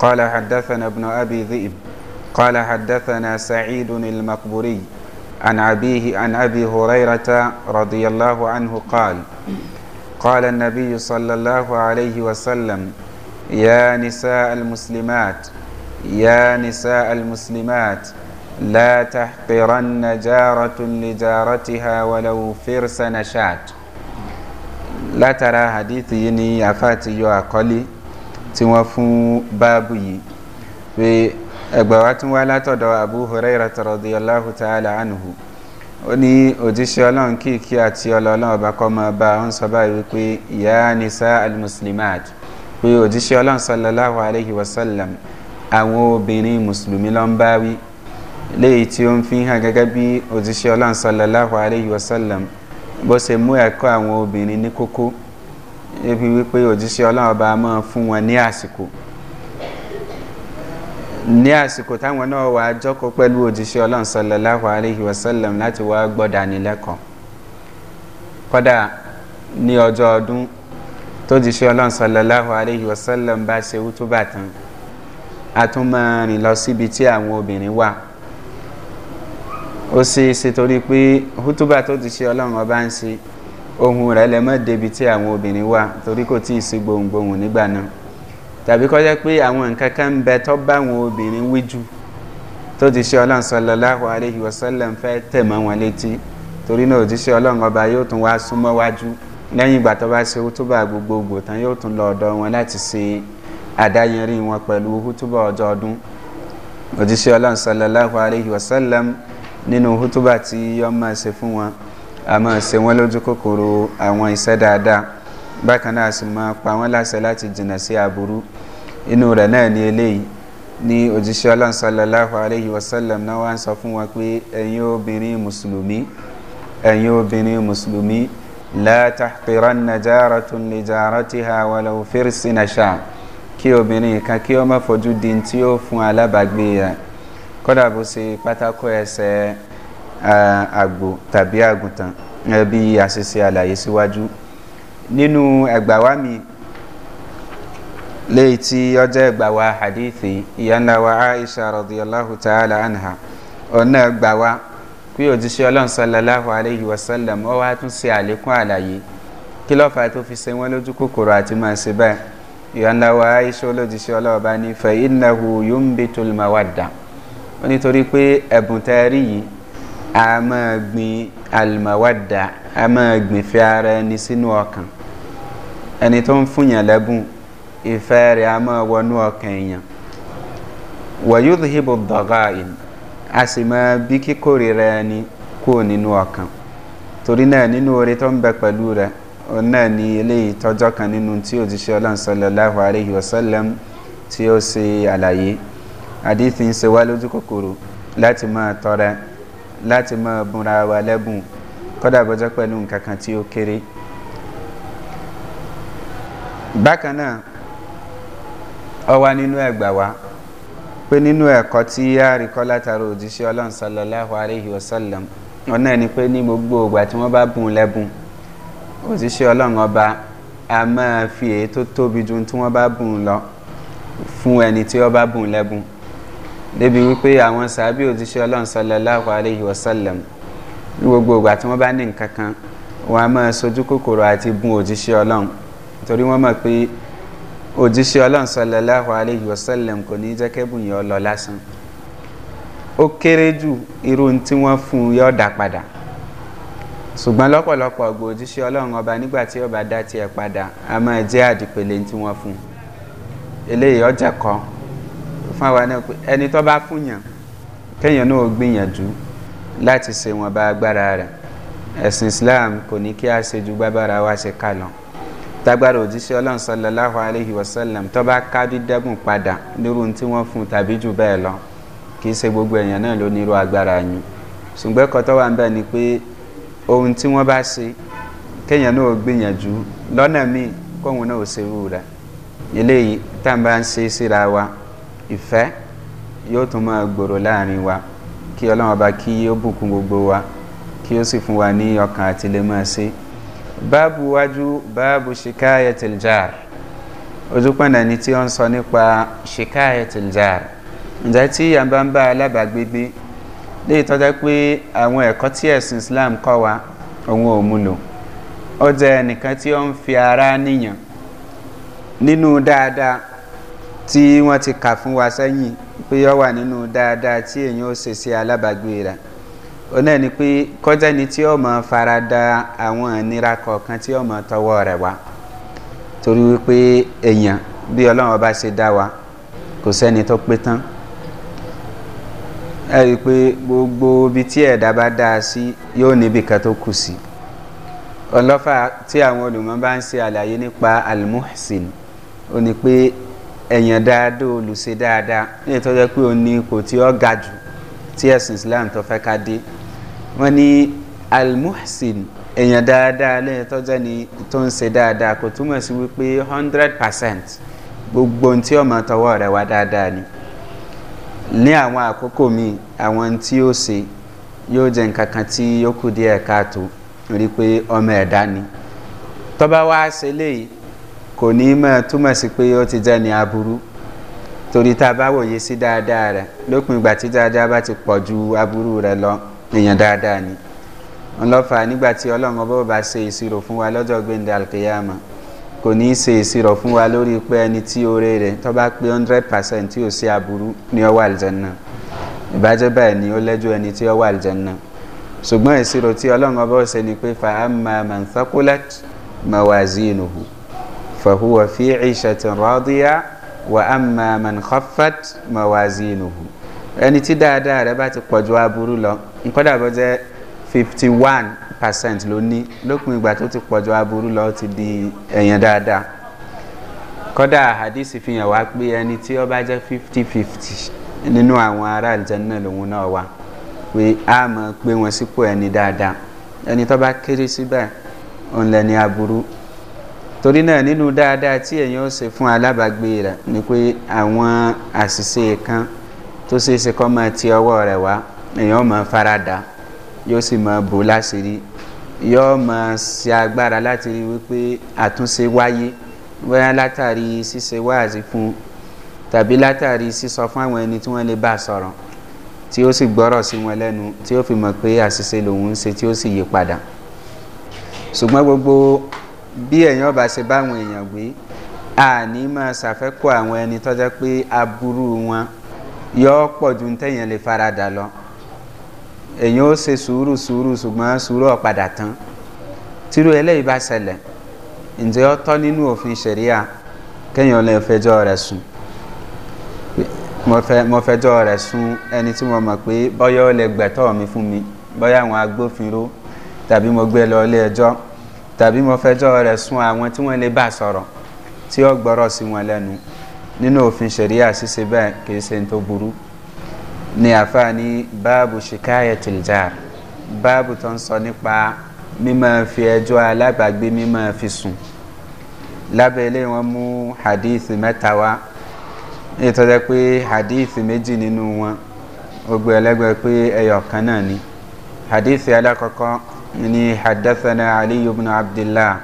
kọ́lá hadathana ibn abi dhib hadathana sa'idun ilmakburi. عن أبيه عن أبي هريرة رضي الله عنه قال قال النبي صلى الله عليه وسلم يا نساء المسلمات يا نساء المسلمات لا تحقرن جارة لجارتها ولو فرس نشات لا ترى حديثي يني أفاتي يو أقلي تيوفو بابي ẹgbẹ́ wa tún wá látọ̀dọ̀ abu huraira tọrọdì aláhu ta'ala anuhu ó ní òjíṣẹ́ ọlọ́run kí kí àti ọlọ́run ọba kọ́ máa bá ń sọ báyìí wípé ìyá nisa al-muslimat pé òjíṣẹ́ ọlọ́run sallallahu alayhi wa àwọn obìnrin mùsùlùmí ló ń bá léyìí tí ó ń fi hàn gẹ́gẹ́ bí òjíṣẹ́ ọlọ́run sallallahu alayhi wa bó ṣe mú ẹ̀kọ́ àwọn obìnrin ní kókó ebi wípé òjíṣẹ́ ọlọ́run ọba máa fún wọn ní àsìkò ní àsìkò táwọn náà wà á jọ́kọ́ pẹ̀lú òjíṣẹ́ ọlọ́run sọlọ́láhùn aláìhí wasallam láti wá gbọ́ dánilẹ́kọ̀ọ́ kọ́dà ní ọjọ́ ọdún tó jíṣẹ́ ọlọ́run sọlọ́láhùn aláìhí wasallam bá ṣe wútúbà tán a tún máa rìn lọ síbi tí àwọn obìnrin wà ó ṣe é ṣe torí pé wútúbà tó jíṣẹ́ ọlọ́run ọba ń ṣe ohun rẹ̀ lẹ́mọ́ débi tí àwọn obìnrin wà torí kò tí sí gbohùngbohùn nígbà náà tàbí kọ́ jẹ́ pé àwọn nǹkan kan ń bẹ tó bá àwọn obìnrin wíjú tó ti ṣe ọlọ́run sọlọ láhùn àlehi wọ́sọ́lẹ̀ ń fẹ́ tẹ̀ mọ́ wọn létí torí náà òjíṣẹ́ ọlọ́run ọba yóò tún wá súnmọ́ wájú lẹ́yìn ìgbà tó bá ṣe hútúbà gbogbogbò tán yóò tún lọ ọ̀dọ̀ wọn láti ṣe àdáyẹrí wọn pẹ̀lú hútúbà ọjọ́ ọdún òjíṣẹ́ ọlọ́run sọlọ láhùn àlehi wọ́sọ́lẹ̀ nínú hútúbà tí yọ́ máa ṣe fún wọn àmọ́ ṣe wọ́n lójú kòkòrò àwọn iṣẹ́ dáadáa bákan náà sì máa pa wọ́n láṣẹ láti jìnnà sí aburú inú rẹ̀ náà ni eléyìí ní òjíṣẹ́ ọlọ́run sọlọ́láhu aleyhi wasallam náà wá ń sọ fún wọn pé ẹ̀yin obìnrin mùsùlùmí ẹ̀yin obìnrin mùsùlùmí látàkìrán nàjàrà tún lè jàrà tí ha wà lọ́wọ́ fèrèsì náà ṣá kí obìnrin kan kí ọmọ fojú di tí ó fún alábàágbé rẹ̀ kódà bó ṣe pátákó ẹsẹ̀ eh, àgbò tàbí àgùntàn ẹbí eh, àṣìṣe àlàyé síwájú. Si nínú ẹgbà wa mi léyìí tí ọjọ́ ẹgbà wa hadithi ìyáńlá wa aisha radiyallahu ta'ala anha ọ̀nà ẹgbà wa pé òjíṣẹ́ ọlọ́run sallallahu alayhi wa sallam ọ wá tún ṣe àlékún àlàyé kí ló fà tó fi ṣe wọ́n lójú kòkòrò àti máa ṣe bẹ́ẹ̀ ìyáńlá wa aisha olójíṣẹ́ ọlọ́run ní fẹ́ ìnáhu yombitul mawadda ó nítorí pé ẹ̀bùn tẹ́ rí yìí a máa gbin alimawadda a máa gbin fi ara ẹni sínú ọkàn ẹni tó ń fún yàn lẹ́bùn ìfẹ́ rẹ̀ a máa wọnú ọkàn èèyàn wàyúdù hìbò dọ̀gá ìn a sì máa bí kíkórìíra ẹni kúrò nínú ọkàn torí náà nínú orí tó ń bẹ pẹ̀lú rẹ̀ òun náà ní eléyìí tọ́jọ́ kan nínú tí òjíṣẹ́ ọlọ́nsọ̀lẹ̀ láhùn àríyí tí ó ṣe àlàyé àdífi ń ṣe wá lójú kòkòrò láti máa tọrẹ láti máa búra wa lẹ́bùn kọ́dà bọ́jọ́ pẹ̀lú nǹkan kan tí ó kéré bákan náà ọ wá nínú ẹgbà wa pé nínú ẹ̀kọ́ tí yáàrí kọ́ látara òjíṣẹ́ ọlọ́run sallallahu alayhi wa sallam ọ̀nà ẹni pé ní gbogbo ògbà tí wọ́n bá bùn lẹ́bùn òjíṣẹ́ ọlọ́run ọba a máa fi èyí tó tóbi ju tí wọ́n bá bùn lọ fún ẹni tí wọ́n bá bùn lẹ́bùn débi wípé àwọn sàábì òjíṣẹ́ ọlọ́run sallallahu alayhi wa sallam ní gbogbo ògbà tí wọ́n bá ní nǹkan kan wọ́n a máa sojú kòkòrò àti bùn òjíṣẹ́ ọlọ́run torí wọ́n mọ̀ pé òjíṣẹ́ ọlọ́nsọ̀lẹ́láhùn aláìhí ọ̀sẹ̀lẹ̀m kò ní jẹ́ kẹ́bùn yẹn lọ lásán ó kéré jù irú tí wọ́n fún yọ dà padà ṣùgbọ́n lọ́pọ̀lọpọ̀ ọgbọ̀n òjíṣẹ́ ọlọ́run ọba nígbà tí ọba dá tiẹ̀ padà a máa jẹ́ àdìpele tí wọ́n fún eléyìí ọjà kọ́ fún àwa náà pé ẹni tó bá fún yàn kéèyàn náà gbìyànjú láti ṣe wọn bá agbára rẹ̀ ẹ̀sìn islam kò ní kí a ṣe ju bábára wa ṣe kà lọ́n tágbára òjíṣẹ́ ọlọ́run sallallahu alayhi wa sallam tó bá ká dídẹ́gùn padà nírú tí wọ́n fún tàbí jù bẹ́ẹ̀ lọ kì í ṣe gbogbo èèyàn náà ló nírú agbára yín ṣùgbọ́n ẹ̀kọ́ wà ń bẹ̀ ni pé ohun tí wọ́n bá ṣe kéèyàn náà gbìyànjú lọ́nà míì kóhun náà ò ṣerú rẹ̀ eléyìí tá à ń bá ń ṣe síra wa ìfẹ́ yóò tún máa gbòòrò láàrin wa kí ọlọ́run ọba kí ó bùkún gbogbo wa kí ó sì fún wa ní ọkàn àtìlẹ́mọ̀ ṣe báàbù wájú báàbù ṣìkáyà tìljáàr ojúpọ̀nà ni tí wọ́n ń sọ nípa ṣìkáyà tìljáàr ǹjẹ́ tí ìyá bá ń bá alábàágbé gbé léyìí pé àwọn ẹ̀kọ́ tí ẹ̀sìn islam kọ́ wa òun ò mú lò ó jẹ́ ẹnìkan tí ó ń fi ara níyàn nínú dáadáa tí wọ́n ti kà fún wa sẹ́yìn pé yọ wà nínú dáadáa tí èyí ó ṣe sí alábàágbé rẹ̀ ona náà ni pé kọjá ni tí ọmọ farada àwọn ìnira kọ̀ọ̀kan tí ọmọ tọwọ́ rẹ̀ wá torí wípé èèyàn bí ọlọ́run ọba ṣe dá wa kò sẹ́ni tó pé tán ẹ rí i pé gbogbo ibi tí ẹ̀dá bá dá a sí yóò níbi kan tó kù sí ọlọ́fà tí àwọn olùmọ̀ bá ń ṣe àlàyé nípa almuhsin ó ní pé ẹ̀yàn dáadáa olùṣe dáadáa ní ìtọ́jọ́ pé ó ní ipò tí ó ga jù tí ẹ̀sìn islam tó fẹ́ ká dé wọ́n ní almuhsin èèyàn dáadáa lẹ́yìn tọ́jà ni tó ń ṣe dáadáa kò túmọ̀ sí wípé hundred percent gbogbo ohun tí ọmọ tọwọ́ rẹ̀ wá dáadáa ni ní àwọn àkókò míì àwọn tí ó ṣe yóò jẹ́ nǹkan kan tí ó kù díẹ̀ káàtó rí pé ọmọ ẹ̀dá ni tọ́ba wá ṣe léyìí kò ní mọ̀ túmọ̀ sí pé ó ti jẹ́ ní aburú torí tá a bá wòye sí dáadáa rẹ̀ lópin ìgbà tí dáadáa bá ti pọ̀ ju aburú rẹ̀ lọ èèyàn dáadáa ni ọlọ́fà nígbà tí ọlọ́run ọba bá ṣe ìṣirò fún wa lọ́jọ́ gbẹ̀ndẹ̀ alkeyama kò ní í ṣe ìṣirò fún wa lórí pé ẹni tí oore rẹ̀ tó bá pé hundred percent tí ò sí aburú ní ọwọ́ àlùjẹ́nà ìbájẹ́ báyìí ni ó lẹ́jọ́ ẹni tí ọwọ́ àlùjẹ́nà ṣùgbọ́n ìṣirò tí ọlọ́run ọba ṣe ni pé fàámà manthakulat mawazinuhu fahuwa fi ìṣẹ̀tìn rọ́díyà wa amma man khaffat mawazinuhu ẹni tí dáadáa rẹ bá ti pọ̀ ju aburú lọ nkọ́dà bó jẹ́ fifty one percent ló ní lópin ìgbà tó ti pọ̀ ju aburú lọ ti di ẹ̀yàn dáadáa kọ́dà hadith fi hàn wá pé ẹni tí ó bá jẹ́ fifty fifty nínú àwọn ará àlùjẹ́nà lòun náà wà pé a mọ̀ pé wọ́n sípò ẹni dáadáa ẹni tó bá kéré síbẹ̀ òun lẹni aburú torí náà nínú dáadáa tí èèyàn ṣe fún alábàágbé rẹ̀ ni pé àwọn àṣìṣe kan tó ṣe é ṣe kọ́ máa ti ọwọ́ rẹ̀ wá èèyàn máa farada yóò sì máa bò láṣìírí yóò máa ṣe agbára láti rí wípé àtúnṣe wáyé bóyá látàrí ṣíṣe wáàzí fún tàbí látàrí sísọ fún àwọn ẹni tí wọ́n lè bá sọ̀rọ̀ tí ó sì gbọ́rọ̀ sí wọn lẹ́nu tí ó fi mọ̀ pé àṣìṣe lòun ń ṣe tí ó sì yí padà ṣùgbọ́n gbogbo bí èèyàn ọba ṣe báwọn èèyàn gbé àní máa ṣàfẹ́kọ̀ àwọn ẹni tọ́jọ́ pé aburú wọn yọ pọ̀ ju tẹ̀yìn lè farada lọ èyàn ó ṣe sùúrù sùúrù ṣùgbọ́n sùúrù ọ̀padà tán tírú eléyìí bá ṣẹlẹ̀ ǹjẹ́ ó tọ́ nínú òfin ṣẹ̀ríà kéèyàn lè fẹjọ́ rẹ̀ sùn mo fẹjọ́ rẹ̀ sùn ẹni tí mo mọ̀ pé bọ́yá ó lè gbẹ̀tọ́ mi fún mi bọ́yá àwọn agbófinró tàbí mo gbé lọ ilé ẹjọ́ tàbí mo fẹjọ́ rẹ̀ sùn àwọn tí wọ́n lè bá sọ̀rọ̀ tí ó gbọ́rọ̀ sí wọn lẹ́nu nínú òfin sẹ̀ríà ṣíṣe bẹ́ẹ̀ kì í ṣe tó burú ní àfáàní báàbù ṣìkáyà tìljà báàbù tó ń sọ nípa mímọ́ fi ẹjọ́ alábàágbé mímọ́ fi sùn lábẹ́ ilé wọn mú hadith mẹ́ta wá nítorí pé hadith méjì nínú wọn gbogbo ẹlẹ́gbẹ́ pé ẹyọ kan náà ni hadith alákọ̀ọ́kọ́ ni hadathana aliyu bin abdullah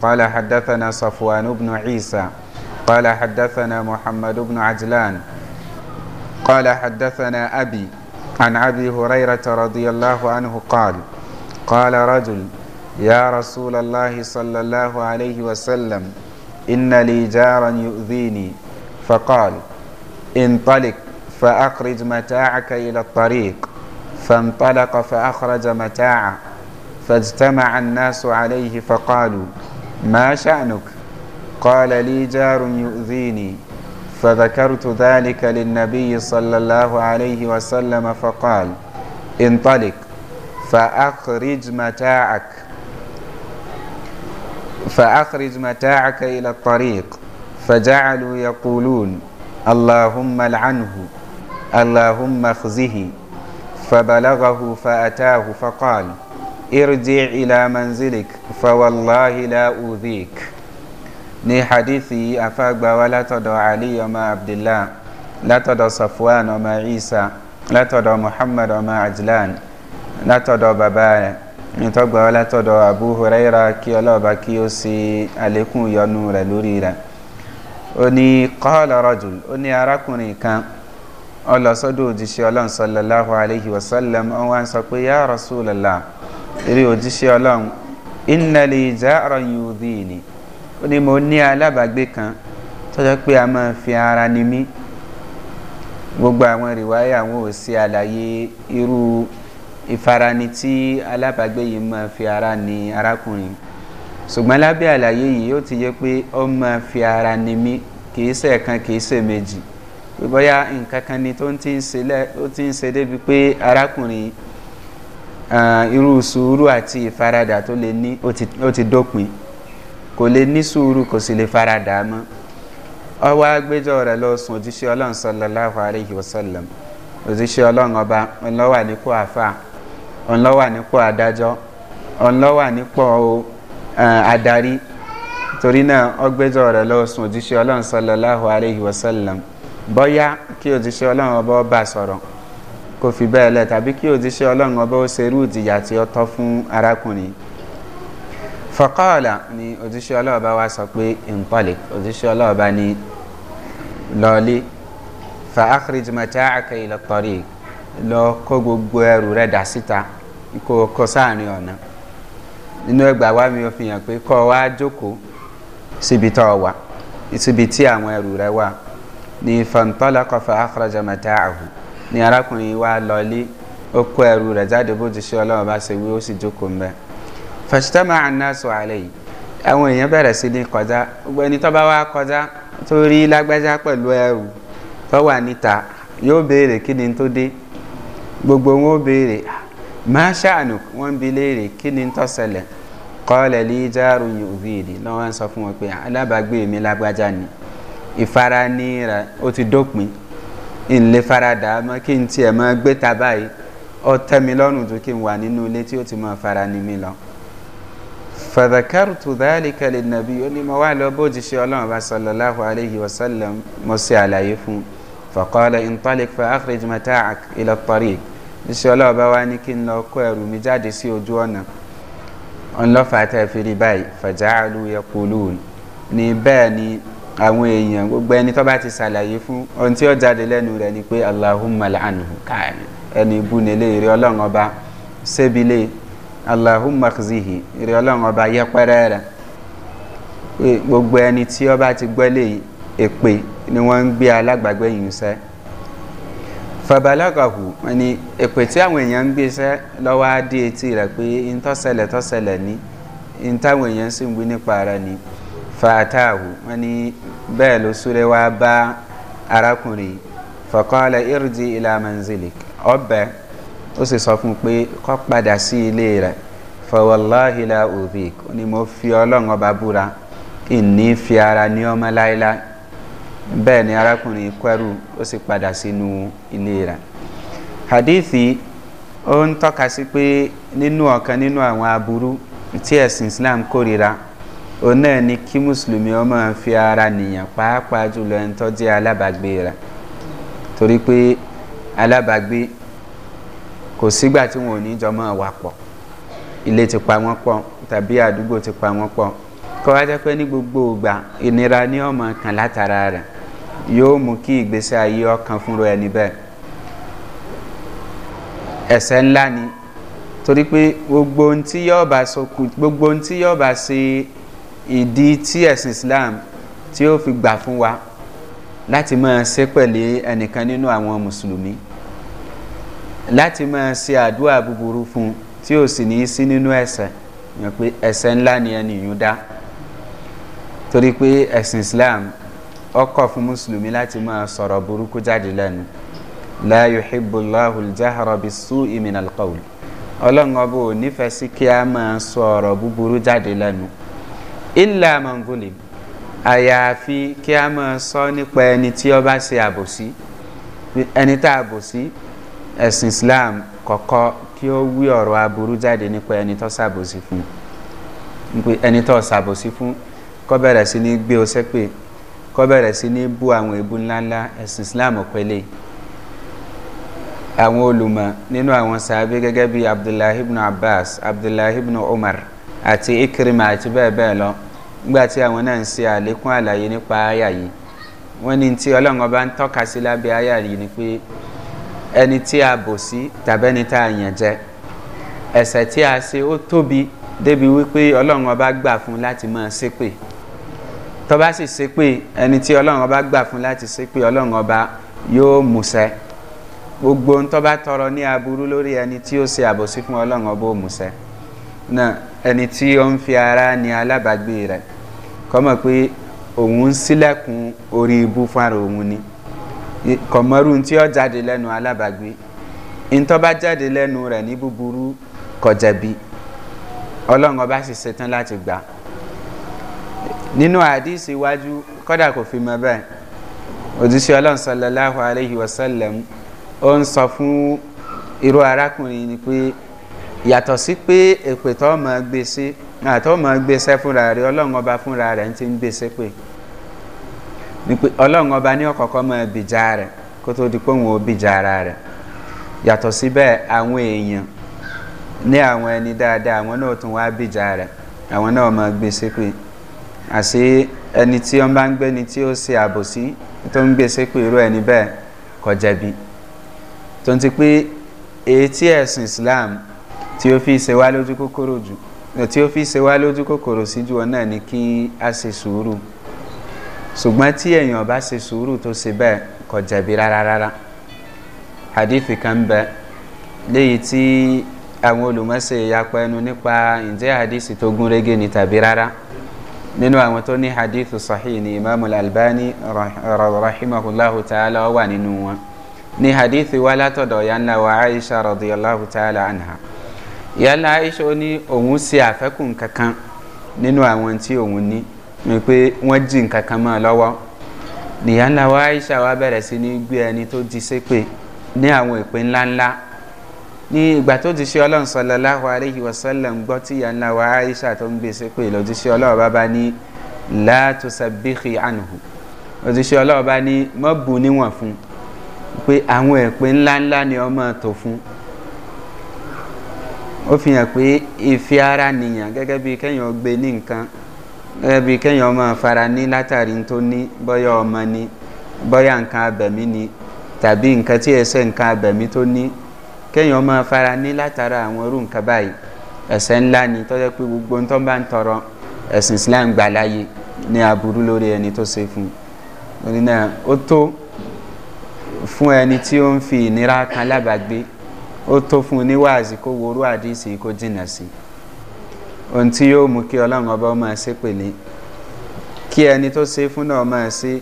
qala hadathana safwan bin isa. قال حدثنا محمد بن عجلان قال حدثنا أبي عن أبي هريرة رضي الله عنه قال قال رجل يا رسول الله صلى الله عليه وسلم إن لي جارا يؤذيني فقال انطلق فأخرج متاعك إلى الطريق فانطلق فأخرج متاعه فاجتمع الناس عليه فقالوا ما شأنك قال لي جار يؤذيني فذكرت ذلك للنبي صلى الله عليه وسلم فقال انطلق فأخرج متاعك فأخرج متاعك إلى الطريق فجعلوا يقولون اللهم لعنه اللهم اخزه فبلغه فأتاه فقال ارجع إلى منزلك فوالله لا أوذيك ní hadithi afagbawa látọ̀dọ̀ ali ọmọ abdullah látọ̀dọ̀ safwan ọmọ isa látọ̀dọ̀ muhammad ọmọ ajlan látọ̀dọ̀ bàbá rẹ̀ nítọ́gbawa látọ̀dọ̀ abu huraira kí ọlọ́ọ̀bá kí ó sì àlékún ìyọnu rẹ̀ lórí rẹ̀ ó ní kọ́ọ̀lọ̀ rọ́jùl ó ní arákùnrin kan ọlọ́sọ́dọ̀ òjíṣẹ́ ọlọ́run sọlọ́láhu aleyhi wasallam ọ̀n wá ń sọ pé yá rọ́sùlọ́lá eré òjíṣẹ́ ọlọ́run ìnnàlè ìjà àrọ̀yìn òdì ni ó ní mo ní alábàágbé kan tọ́jọ́ pé a máa fi ara ni mí gbogbo àwọn rìwáyà àwọn ò sí àlàyé irú ìfarani tí alábàágbé yìí máa fi ara ni arákùnrin ṣùgbọ́n lábẹ́ àlàyé yìí ó ti yẹ pé ó máa fi ara ni mí kìí ṣe ẹ̀kan kìí ṣe méjì bóyá nǹkan kan ni tó ti ń ṣe débi pé arákùnrin irú sùúrù àti ìfaradà tó lè ní ó ti dópin kò lè ní sùúrù kò sì lè faradà mọ́ ọwọ́ agbẹjọ́ rẹ̀ lọ sùn òjíṣẹ́ ọlọ́run sọlọ láàfọ̀ àríyí wọ́sọ̀lọ̀m òjíṣẹ́ ọlọ́run ọba ńlọ́wà nípò àfà ńlọ́wà nípò adájọ́ ńlọ́wà nípò adarí torí náà ọgbẹjọ́ rẹ̀ lọ sùn òjíṣẹ́ ọlọ́run sọlọ láàfọ̀ àríyí wọ́sọ̀lọ̀m bọ́yá kí òjíṣẹ́ ọlọ́run ọba ọba sọ̀rọ̀ kò fi bẹ́ẹ̀ lẹ̀ tàbí kí òjíṣẹ́ ọlọ́run ọba ó ṣerú ìjìyà tí ó tọ́ fún arákùnrin fọkọ́ọ̀là ni òjíṣẹ́ ọlọ́ọ̀bá wa sọ pé ìǹpọ̀lẹ̀ òjíṣẹ́ ọlọ́ọ̀bá ni lọ́ọ̀lẹ́ fa akérèjìmọ̀tá àkẹ́ ìlọ́tọ̀rì lọ kó gbogbo ẹrù rẹ̀ dà síta kó kó sáàrin ọ̀nà nínú ẹgbà wa mi ò fi hàn pé kọ́ wa jókòó síbi tó wà síbi tí àwọn ẹrù rẹ̀ wà ní fọ̀ǹtọ́lá kọfà akérèjìmọ̀tá àhù ni arákùnrin wa lọ́ọ̀lẹ́ ó kó ẹrù rẹ̀ jáde bó ọlọ́ọ̀bá ṣe wí ó sì jókòó mbẹ́ fàṣítàmà ànáṣọ àlẹ́ yìí àwọn èèyàn bẹ̀rẹ̀ sí ní kọjá gbogbo ẹni tó bá wá kọjá tó rí lágbájá pẹ̀lú ẹrù tó wà níta yóò béèrè kí ni tó dé gbogbo wọn ó béèrè máa wọn bi léèrè kí ni tó ṣẹlẹ̀ kọ́lẹ̀ lè jáàrú yòóbìrì lọ́wọ́ ń sọ fún wọn pé alábàágbé mi lágbájá ni ìfarani rẹ̀ ó ti dópin ìlẹ̀ farada mọ́ kí n tiẹ̀ mọ́ gbé ta báyìí ọ mi lọ́rùn ju kí n wà nínú ilé tí ó ti mọ́ farani mi lọ fàdàkàrùtù dáàlìkà lè nàbí ó ní mo wá lọ bójì ṣe ọlọ́run bá sọlọ́láhu aleyhi wa sallam mo ṣe àlàyé fún un fọ̀kọ́lẹ̀ intalik fa akhrij mataak ilẹ̀ tọ́rí ṣe ọlọ́run bá wá ní kí n lọ kó ẹrù mi jáde sí ojú ọ̀nà ọlọ́fà tẹ́ báyìí fàjà àlù yẹ kúlù bẹ́ẹ̀ ni àwọn èèyàn gbogbo ẹni tó bá ti ṣàlàyé fún ohun tí ó jáde lẹ́nu rẹ̀ ni pé allahumma al'anu ẹni ibú nílé ìrẹ́ ọlọ́run ọba ṣébílẹ̀ allahumma khzihi ìrẹ́ ọlọ́run ọba yẹpẹrẹ rẹ̀ gbogbo ẹni tí ọba ti gbẹ́lẹ̀ èpè ni wọ́n ń gbé alágbàgbẹ́ yìí sẹ́ fabalagahu ni èpè tí àwọn èèyàn ń gbé sẹ́ lọ́wọ́ á dé etí rẹ̀ pé ntọ́sẹ̀lẹ̀ tọ́sẹ̀lẹ̀ ní ntáwọn èèyàn sì ń wí nípa ara ni fàtàhù wọn ni bẹ́ẹ̀ ló súré wá bá arákùnrin fọkànlẹ̀ irdi ìlàmánzilik ọbẹ̀ ó sì sọ fún un pé kọ́ padà sí ilé rẹ̀ ni mo fi ọlọ́run ọba búra kí n ní fi ara ní ọmọ láéláé bẹ́ẹ̀ ni arákùnrin kwẹ́rù ó sì padà sínú ilé rẹ̀ hadithi ó ń tọ́ka sí pé nínú ọ̀kan nínú àwọn aburú tí ẹ̀sìn islam kórira náà ni kí mùsùlùmí ọmọ fi ara nìyàn pàápàá jùlọ ẹni tó alábàgbé rẹ̀ torí kò sígbà tí wọn ò ní jọmọ wà pọ̀ ilé ti pa wọ́n pọ̀ tàbí àdúgbò ti pa wọ́n pọ̀ kọ́ wá jẹ́ pé ní gbogbo ìgbà ìnira ní ọmọ kan látara rẹ̀ yóò mú kí ìgbésí ayé ọkàn fúnra ẹni bẹ́ẹ̀ ẹ̀sẹ̀ ńlá ni torí pé gbogbo ohun tí yóò bá sokùn gbogbo ohun tí yóò bá ṣe ìdí tí ẹ̀sìn islam tí ó fi gbà fún wa láti máa ṣe pẹ̀lú ẹnìkan nínú àwọn mùsùlùmí láti máa ṣe àdúrà búburú fún tí ò sì ní í sí nínú ẹ̀sẹ̀ yẹn pé ẹ̀sẹ̀ ńlá ni ẹni yìí dá torí pé ẹ̀sìn islam ọkọ̀ fún mùsùlùmí láti máa sọ̀rọ̀ burúkú jáde lẹ́nu láàyò hibbuláhùl jáhàrọ̀bì sú ìmìnà kọ́wùl ọlọ́run ọba ò nífẹ̀ẹ́ sí kí a máa sọ̀rọ̀ búburú jáde lẹ́nu ilà mangoli àyàfi kí a máa sọ nípa ẹni tí ọba ṣe àbòsí ẹni tá àbòsí ẹ̀sìn islam kọ̀kọ́ kí ó wí ọ̀rọ̀ aburú jáde nípa ẹni tó ṣàbòsí fún ẹni tó ṣàbòsí fún kọ́ bẹ̀rẹ̀ sí ní gbé o sẹ́pẹ̀ kọ́ bẹ̀rẹ̀ sí ní bú àwọn ebú ńláńlá ẹ̀sìn islam pẹ̀lẹ́ àwọn olùmọ̀ nínú àwọn sàábé gẹ́gẹ́ bí abdullahi ibn abbas abdullahi ibn umar àti ikirima àti bẹ́ẹ̀ bẹ́ẹ̀ lọ nígbà tí àwọn náà ń ṣe àlékún àlàyé nípa àyà yìí wọ́n ní tí ọlọ́run ọba ń tọ́ka sí lábẹ́ àyà yìí ni pé ẹni tí a bò sí tàbẹ́ni tá a yàn jẹ ẹ̀sẹ̀ tí a ṣe ó tóbi débi wípé ọlọ́run ọba gbà fún láti máa ṣépè tọ́ba sì ṣépè ẹni tí ọlọ́run ọba gbà fún láti ṣépè ọlọ́run ọba yóò mùsẹ́ gbogbo ntọ́ba tọrọ ní aburú lórí ẹni tí ó ṣe àbòsí fún ọlọ́run ọba ó mùsẹ́ náà ẹni tí ó ń fi ara ní alábàgbé rẹ̀ kọ́mọ̀ pé òun sílẹ̀kùn orí ibú fún ara òun ni kọ̀mọ́rú tí ó jáde lẹ́nu alábàgbé ntọ́ bá jáde lẹ́nu rẹ̀ ní búburú kọjẹ̀bi ọlọ́run ọba sì ṣetán láti gbà nínú àdísì iwájú kọ́dà kò fi mọ bẹ́ẹ̀ òjíṣẹ́ ọlọ́run sọlọ́láhùn aláhi wasalẹ̀m ó ń sọ fún irú arákùnrin ni pé yàtọ̀ sí pé èpè tó máa gbèsè àtọ́ máa gbèsè fúnra rẹ̀ ọlọ́run ọba fúnra rẹ̀ ń ti gbèsè pé wípé ọlọ́run ọba ní ọ̀kọ̀ọ̀kan mọ bìjà rẹ̀ kó tó di pé òun ò bìjà ara rẹ̀ yàtọ̀ síbẹ̀ àwọn èèyàn ní àwọn ẹni dáadáa àwọn náà tún wá bìjà rẹ̀ àwọn náà mọ gbé sépè àṣé ẹni tí wọ́n bá ń gbé ni tí ó ṣe àbòsí tó ń gbé sépè irú ẹni bẹ́ẹ̀ kọ jẹ̀bi tó ń ti pé èyí ẹ̀sìn islam tí ó fi ṣe wá lójú kòkòrò jù tí ó fi ṣe wá lójú kòkòrò síjú ọ náà ni kí a ṣe sùúrù ṣùgbọ́n tí èèyàn bá ṣe sùúrù tó ṣe bẹ́ẹ̀ kò jẹ̀bi rárá hadithi kan bẹ léyìí tí àwọn olùmọ̀ọ́sẹ̀ ìyapa ẹnu nípa ǹjẹ́ hadithi tó gún régé ni tàbí rárá nínú àwọn tó ní hadithu sahih ni imaamu albani rahimahulahu ta'ala wà nínú wọn ní hadithi wa látọ̀dọ̀ yánlá wa aisha radiyallahu ta'ala anha yánlá aisha ó ní òun ṣe àfẹ́kùn kankan nínú àwọn tí òun ní ni pé wọ́n jí nǹkan kan mọ́ ọ lọ́wọ́ nìyá ńlá wa aisha wa bẹ̀rẹ̀ sí ní gbé ẹni tó di sépè ní àwọn ìpè ńláńlá ní ìgbà tó ti ṣe ọlọ́run sọlọ láhùn aríhì wọ́sọ́lẹ̀ ń gbọ́ tí ìyá ńlá wa aisha tó ń gbé sépè lòdì sí ọlọ́run bàbá ní látòsàbíkì ànùhù lòdì sí ọlọ́run bá ní mọ́bù níwọ̀n fún pé àwọn ìpè ńláńlá ni ọmọ tó fún ó fi hàn pé ìfi ara nìyàn gẹ́gẹ́ bí kẹ́yìn ọgbẹ́ ní nǹkan ẹbí kẹ́yìn ọmọ fara ní látàrí tó ní bọ́yá ọmọ ni bọ́yá nǹkan abẹ̀mí ni tàbí nǹkan tí ẹsẹ̀ nǹkan abẹ̀mí tó ní kẹ́yìn ọmọ fara ní látara àwọn irú nǹkan báyìí ẹ̀sẹ̀ ńlá ni tọ́jọ́ pé gbogbo ń tọ́ bá ń tọrọ ẹ̀sìn islam gbà láàyè ní aburú lórí ẹni tó ṣe fún un ó tó fún ẹni tí ó ń fi ìnira kan lábàgbé ó tó fún un níwáàzí kó worú àdìsí kó jìnnà sí i ohun tí yóò mú kí ọlọ́run ọba máa ṣe pèlè kí ẹni tó ṣe fún náà máa ṣe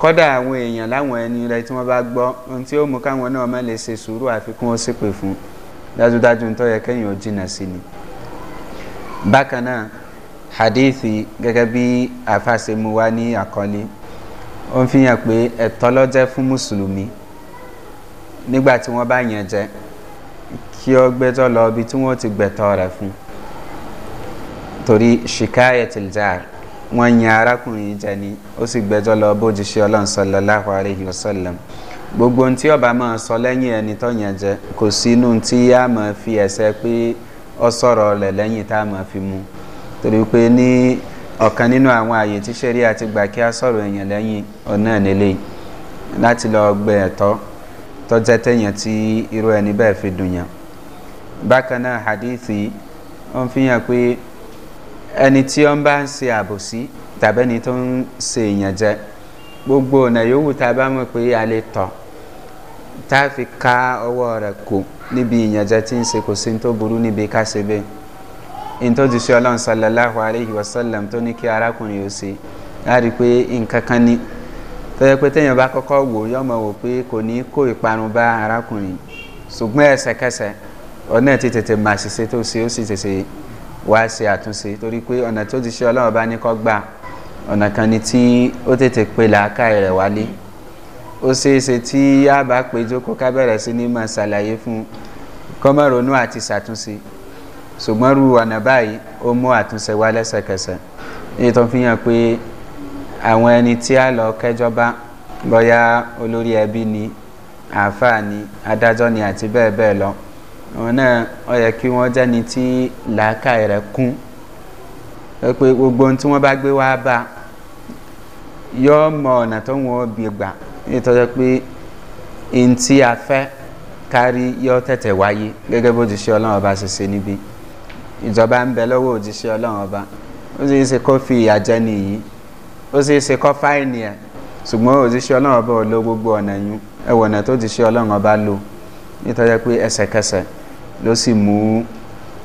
kọ́dà àwọn èèyàn láwọn ẹni rẹ tí wọ́n bá gbọ́ ohun tí ó mú káwọn náà má lè ṣe sùúrù àfikún ó ṣépè fún dájúdájú tó yẹ kẹ́yìn ó jìnnà sí ni. bákan náà hadithi gẹ́gẹ́ bí àfàṣemú wa ní àkọlé ó ń fi hàn pé ẹ̀tọ́ lọ́jẹ́ fún mùsùlùmí nígbà tí wọ́n bá yàn jẹ́ kí ó gbẹ́jọ́ lọ ibi tí wọ́n ti gbẹ̀tọ́ rẹ̀ fún un torí ṣìkáyà tìljáàr wọ́n yan arákùnrin jẹ ni ó sì gbẹjọ́ lọ bójúṣe ọlọ́run sọlọ láhùn àríhìn ọ̀sọ́lẹ̀m gbogbo ohun tí ọba máa sọ lẹ́yìn ẹni tó yàn jẹ kò sínú tí yá máa fi ẹsẹ̀ pé ọ sọ̀rọ̀ rẹ̀ lẹ́yìn tá a máa fi mu torí pé ní ọ̀kan nínú àwọn àyè tí ṣeré àti gbà kí a sọ̀rọ̀ èèyàn lẹ́yìn ọ̀nà nílé láti lọ gbẹ ẹ̀tọ́ tọ́jẹ́ tẹ̀yàn tí irú ẹni bẹ́ẹ̀ fi dùn yàn bákan náà hadithi ó ń fi hàn pé ẹni tí ó ń bá ń se àbòsí tàbí ẹni tó ń se èèyàn jẹ gbogbo ọ̀nà yòówù tá a bá mọ̀ pé a lè tọ̀ tá a fi ká ọwọ́ rẹ̀ kù níbi ìyànjẹ tí ń se kò sí tó burú níbi ká se bẹ́ẹ̀ ìtọ́jú sí ọlọ́run sallallahu alayhi wa sallam tó ní kí arákùnrin yóò se a rí i pé nǹkan kan ní tó yẹ pé téèyàn bá kọ́kọ́ wò yọ mọ̀ wò pé kò ní kó ìparun bá arákùnrin ṣùgbọ́n ẹsẹ̀kẹsẹ̀ ọ̀nà ti tètè máa tó ṣe ó sì tètè wá ṣe àtúnṣe torí pé ọ̀nà tó ti ṣe ọlọ́run bá ní kọ́ gbà ọ̀nà kan ni tí ó tètè pe làákàyè rẹ̀ wálé ó ṣeéṣe tí a bá pé jókòó ká bẹ̀rẹ̀ sí ní máa ṣàlàyé fún kọ́mọ̀rònú àti ṣàtúnṣe ṣùgbọ́n ru ọ̀nà báyìí ó mú àtúnṣe wá lẹ́sẹ̀kẹsẹ̀ èyí tó fi hàn pé àwọn ẹni tí a lọ kẹjọba bọ́yá olórí ẹbí ni àáfàá ni adájọ́ ni àti bẹ́ẹ̀ bẹ́ẹ̀ lọ àwọn náà ọ yẹ kí wọ́n jẹ́ni tí làákàyè rẹ̀ kún ẹ pé gbogbo ohun tí wọ́n bá gbé wá bá yọ mọ ọ̀nà tó wọ́n bí gbà nítorí pé n tí a fẹ́ kárí yọ tẹ̀tẹ̀ wáyé gẹ́gẹ́ bó ti ṣe ọlọ́run ọba ṣe ṣe níbi ìjọba ń bẹ lọ́wọ́ ọlọ́run ọba ó sì ń ṣe kó fi ìyà jẹ nìyí ó sì ń ṣe kó fáìní gbogbo ọ̀nà ló sì mú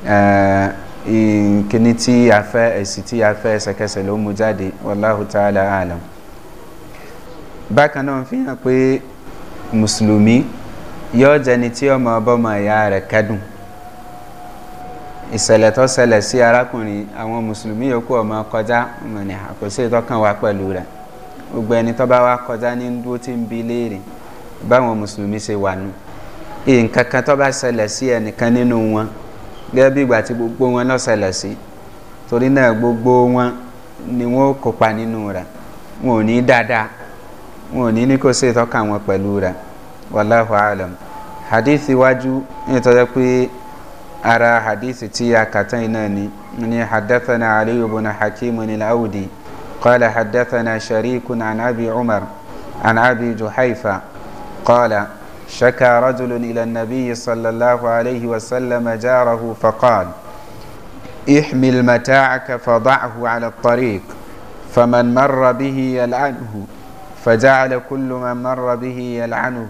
eh, kíní tí a fẹ́ èsì tí a fẹ́ ẹsẹ̀kẹsẹ̀ ló mú jáde wàláhù tààlà àlàm bákan náà fi hàn pé mùsùlùmí yóò jẹni tí ọmọ ọbọmọ ìyá rẹ̀ kẹ́dùn ìṣẹ̀lẹ̀ tó ṣẹlẹ̀ sí arákùnrin àwọn mùsùlùmí yòókù ọmọ kọjá mọ̀nì àkọsí ìtọ́kàn wa pẹ̀lú rẹ̀ gbogbo ẹni tó bá wá kọjá ní dúró tí ń bi léèrè báwọn mùsùlùmí ṣe wà nù nǹkan kan tó bá ṣẹlẹ̀ sí ẹnìkan nínú wọn gẹ́gẹ́ bí ìgbà tí gbogbo wọn náà ṣẹlẹ̀ sí torí náà gbogbo wọn ni wọn ó kópa nínú rẹ̀ wọn ò ní dáadáa wọn ò ní ní kó ṣe ìtọ́ka wọn pẹ̀lú rẹ̀ wàláhù alam hadithi wájú nítorí pé ara hadithi tí a kà tán iná ni ni hadathana aliyu bin hakim ni laudi qala hadathana sharikun an abi umar an juhaifa qala. شكى رجل إلى النبي صلى الله عليه وسلم جاره فقال احمل متاعك فضعه على الطريق فمن مر به يلعنه فجعل كل من مر به يلعنه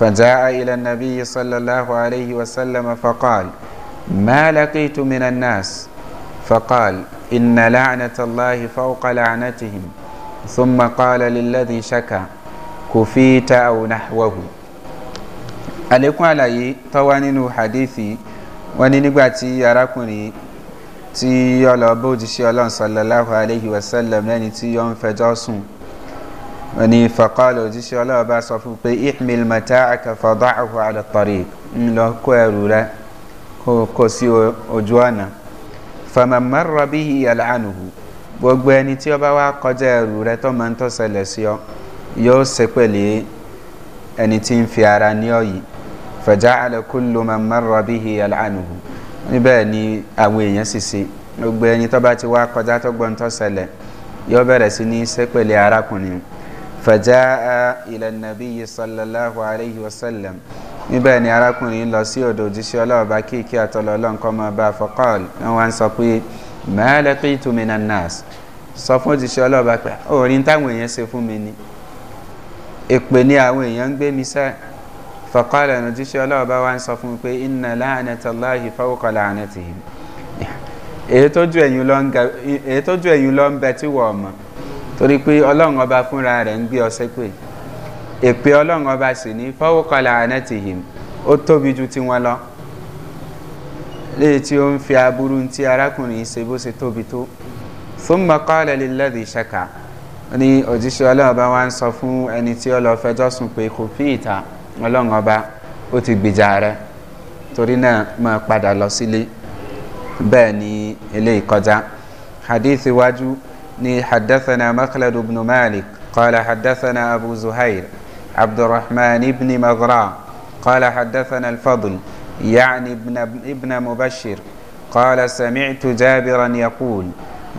فجاء إلى النبي صلى الله عليه وسلم فقال ما لقيت من الناس فقال إن لعنة الله فوق لعنتهم ثم قال للذي شكى كفيت أو نحوه àlékún àlàyé tó wá nínú hadithi wọn ní nígbà tí arákùnrin tí ọlọ́ọ̀bá òjíṣẹ́ ọlọ́run sọlọ́láhùn aláìhí wasallam lẹ́ni tí yọ ń fẹjọ́ sùn wọn ní fọkọ́lù òjíṣẹ́ ọlọ́run bá sọ fún pé ihmil mata akafọ́dọ́ àhùn àdàtọ̀rì ń kó ẹrù rẹ kó sí ojú ọ̀nà fàmàmárọ̀ bí ìyàlánùhù gbogbo ẹni tí ó bá wá kọjá ẹrù rẹ tó máa ń tọ́sẹ̀lẹ̀ sí ọ yóò ṣe pẹ̀lẹ́ ẹni tí ń fi ara ní ọ̀yìn fẹ̀jáàlẹ̀ kó ló máa mọ́ra bí i aláàánúhù níbẹ̀ ni àwọn èèyàn sì ṣe gbogbo ẹni tó bá ti wá kọjá tó gbọ́n tó ṣẹlẹ̀ yóò bẹ̀rẹ̀ sí ní sẹ́pẹ̀lẹ̀ arákùnrin fẹ̀jáà ilẹ̀ nàbí yìí sọlọ́láhu aleyhi wa sẹ́lẹ̀m níbẹ̀ ni arákùnrin lọ sí ọ̀dọ̀ òjíṣẹ́ ọlọ́ọ̀bá kíkí àtọ̀lọ́ ọlọ́nkọ́ máa bá fọkọ́ọ̀l wọn wá sọ pé mẹ́ẹ̀lẹ́ pé ìtumìnà fọ̀kọ́lẹ̀ ní tíṣẹ́ ọlọ́run bá wá ń sọ fún mi pé iná láàánẹ́tà láàyè fáwọ́kọ̀ láàánẹ́tì yìí èyí tó ju ẹ̀yìn lọ ń bẹ tí wọ́n mọ̀ torí pé ọlọ́run ọba fúnra rẹ̀ ń gbé ọsẹ́ pé èpè ọlọ́run ọba sì ní fáwọ́kọ̀ láàánẹ́tì yìí ó tóbi ju tiwọn lọ léyìí tí ó ń fi aburú ti arákùnrin ṣe bó ṣe tóbi tó fún mọ́kọ́lẹ̀ lílẹ́dì ṣẹ́ka ní òjíṣẹ́ ọlọ́run ọba wá ń sọ fún ẹni tí ó lọ fẹjọ́ sùn pé kò fi ìta ọlọ́run ọba ó ti gbèjà rẹ torí náà máa padà lọ sílé bẹ́ẹ̀ ni ilé ìkọjá hadith iwájú ni hadathana makhlad ibn malik qala hadathana abu zuhair abdulrahman ibn mazra qala hadathana alfadl يعني ابن, ابن مبشر قال سمعت جابرا يقول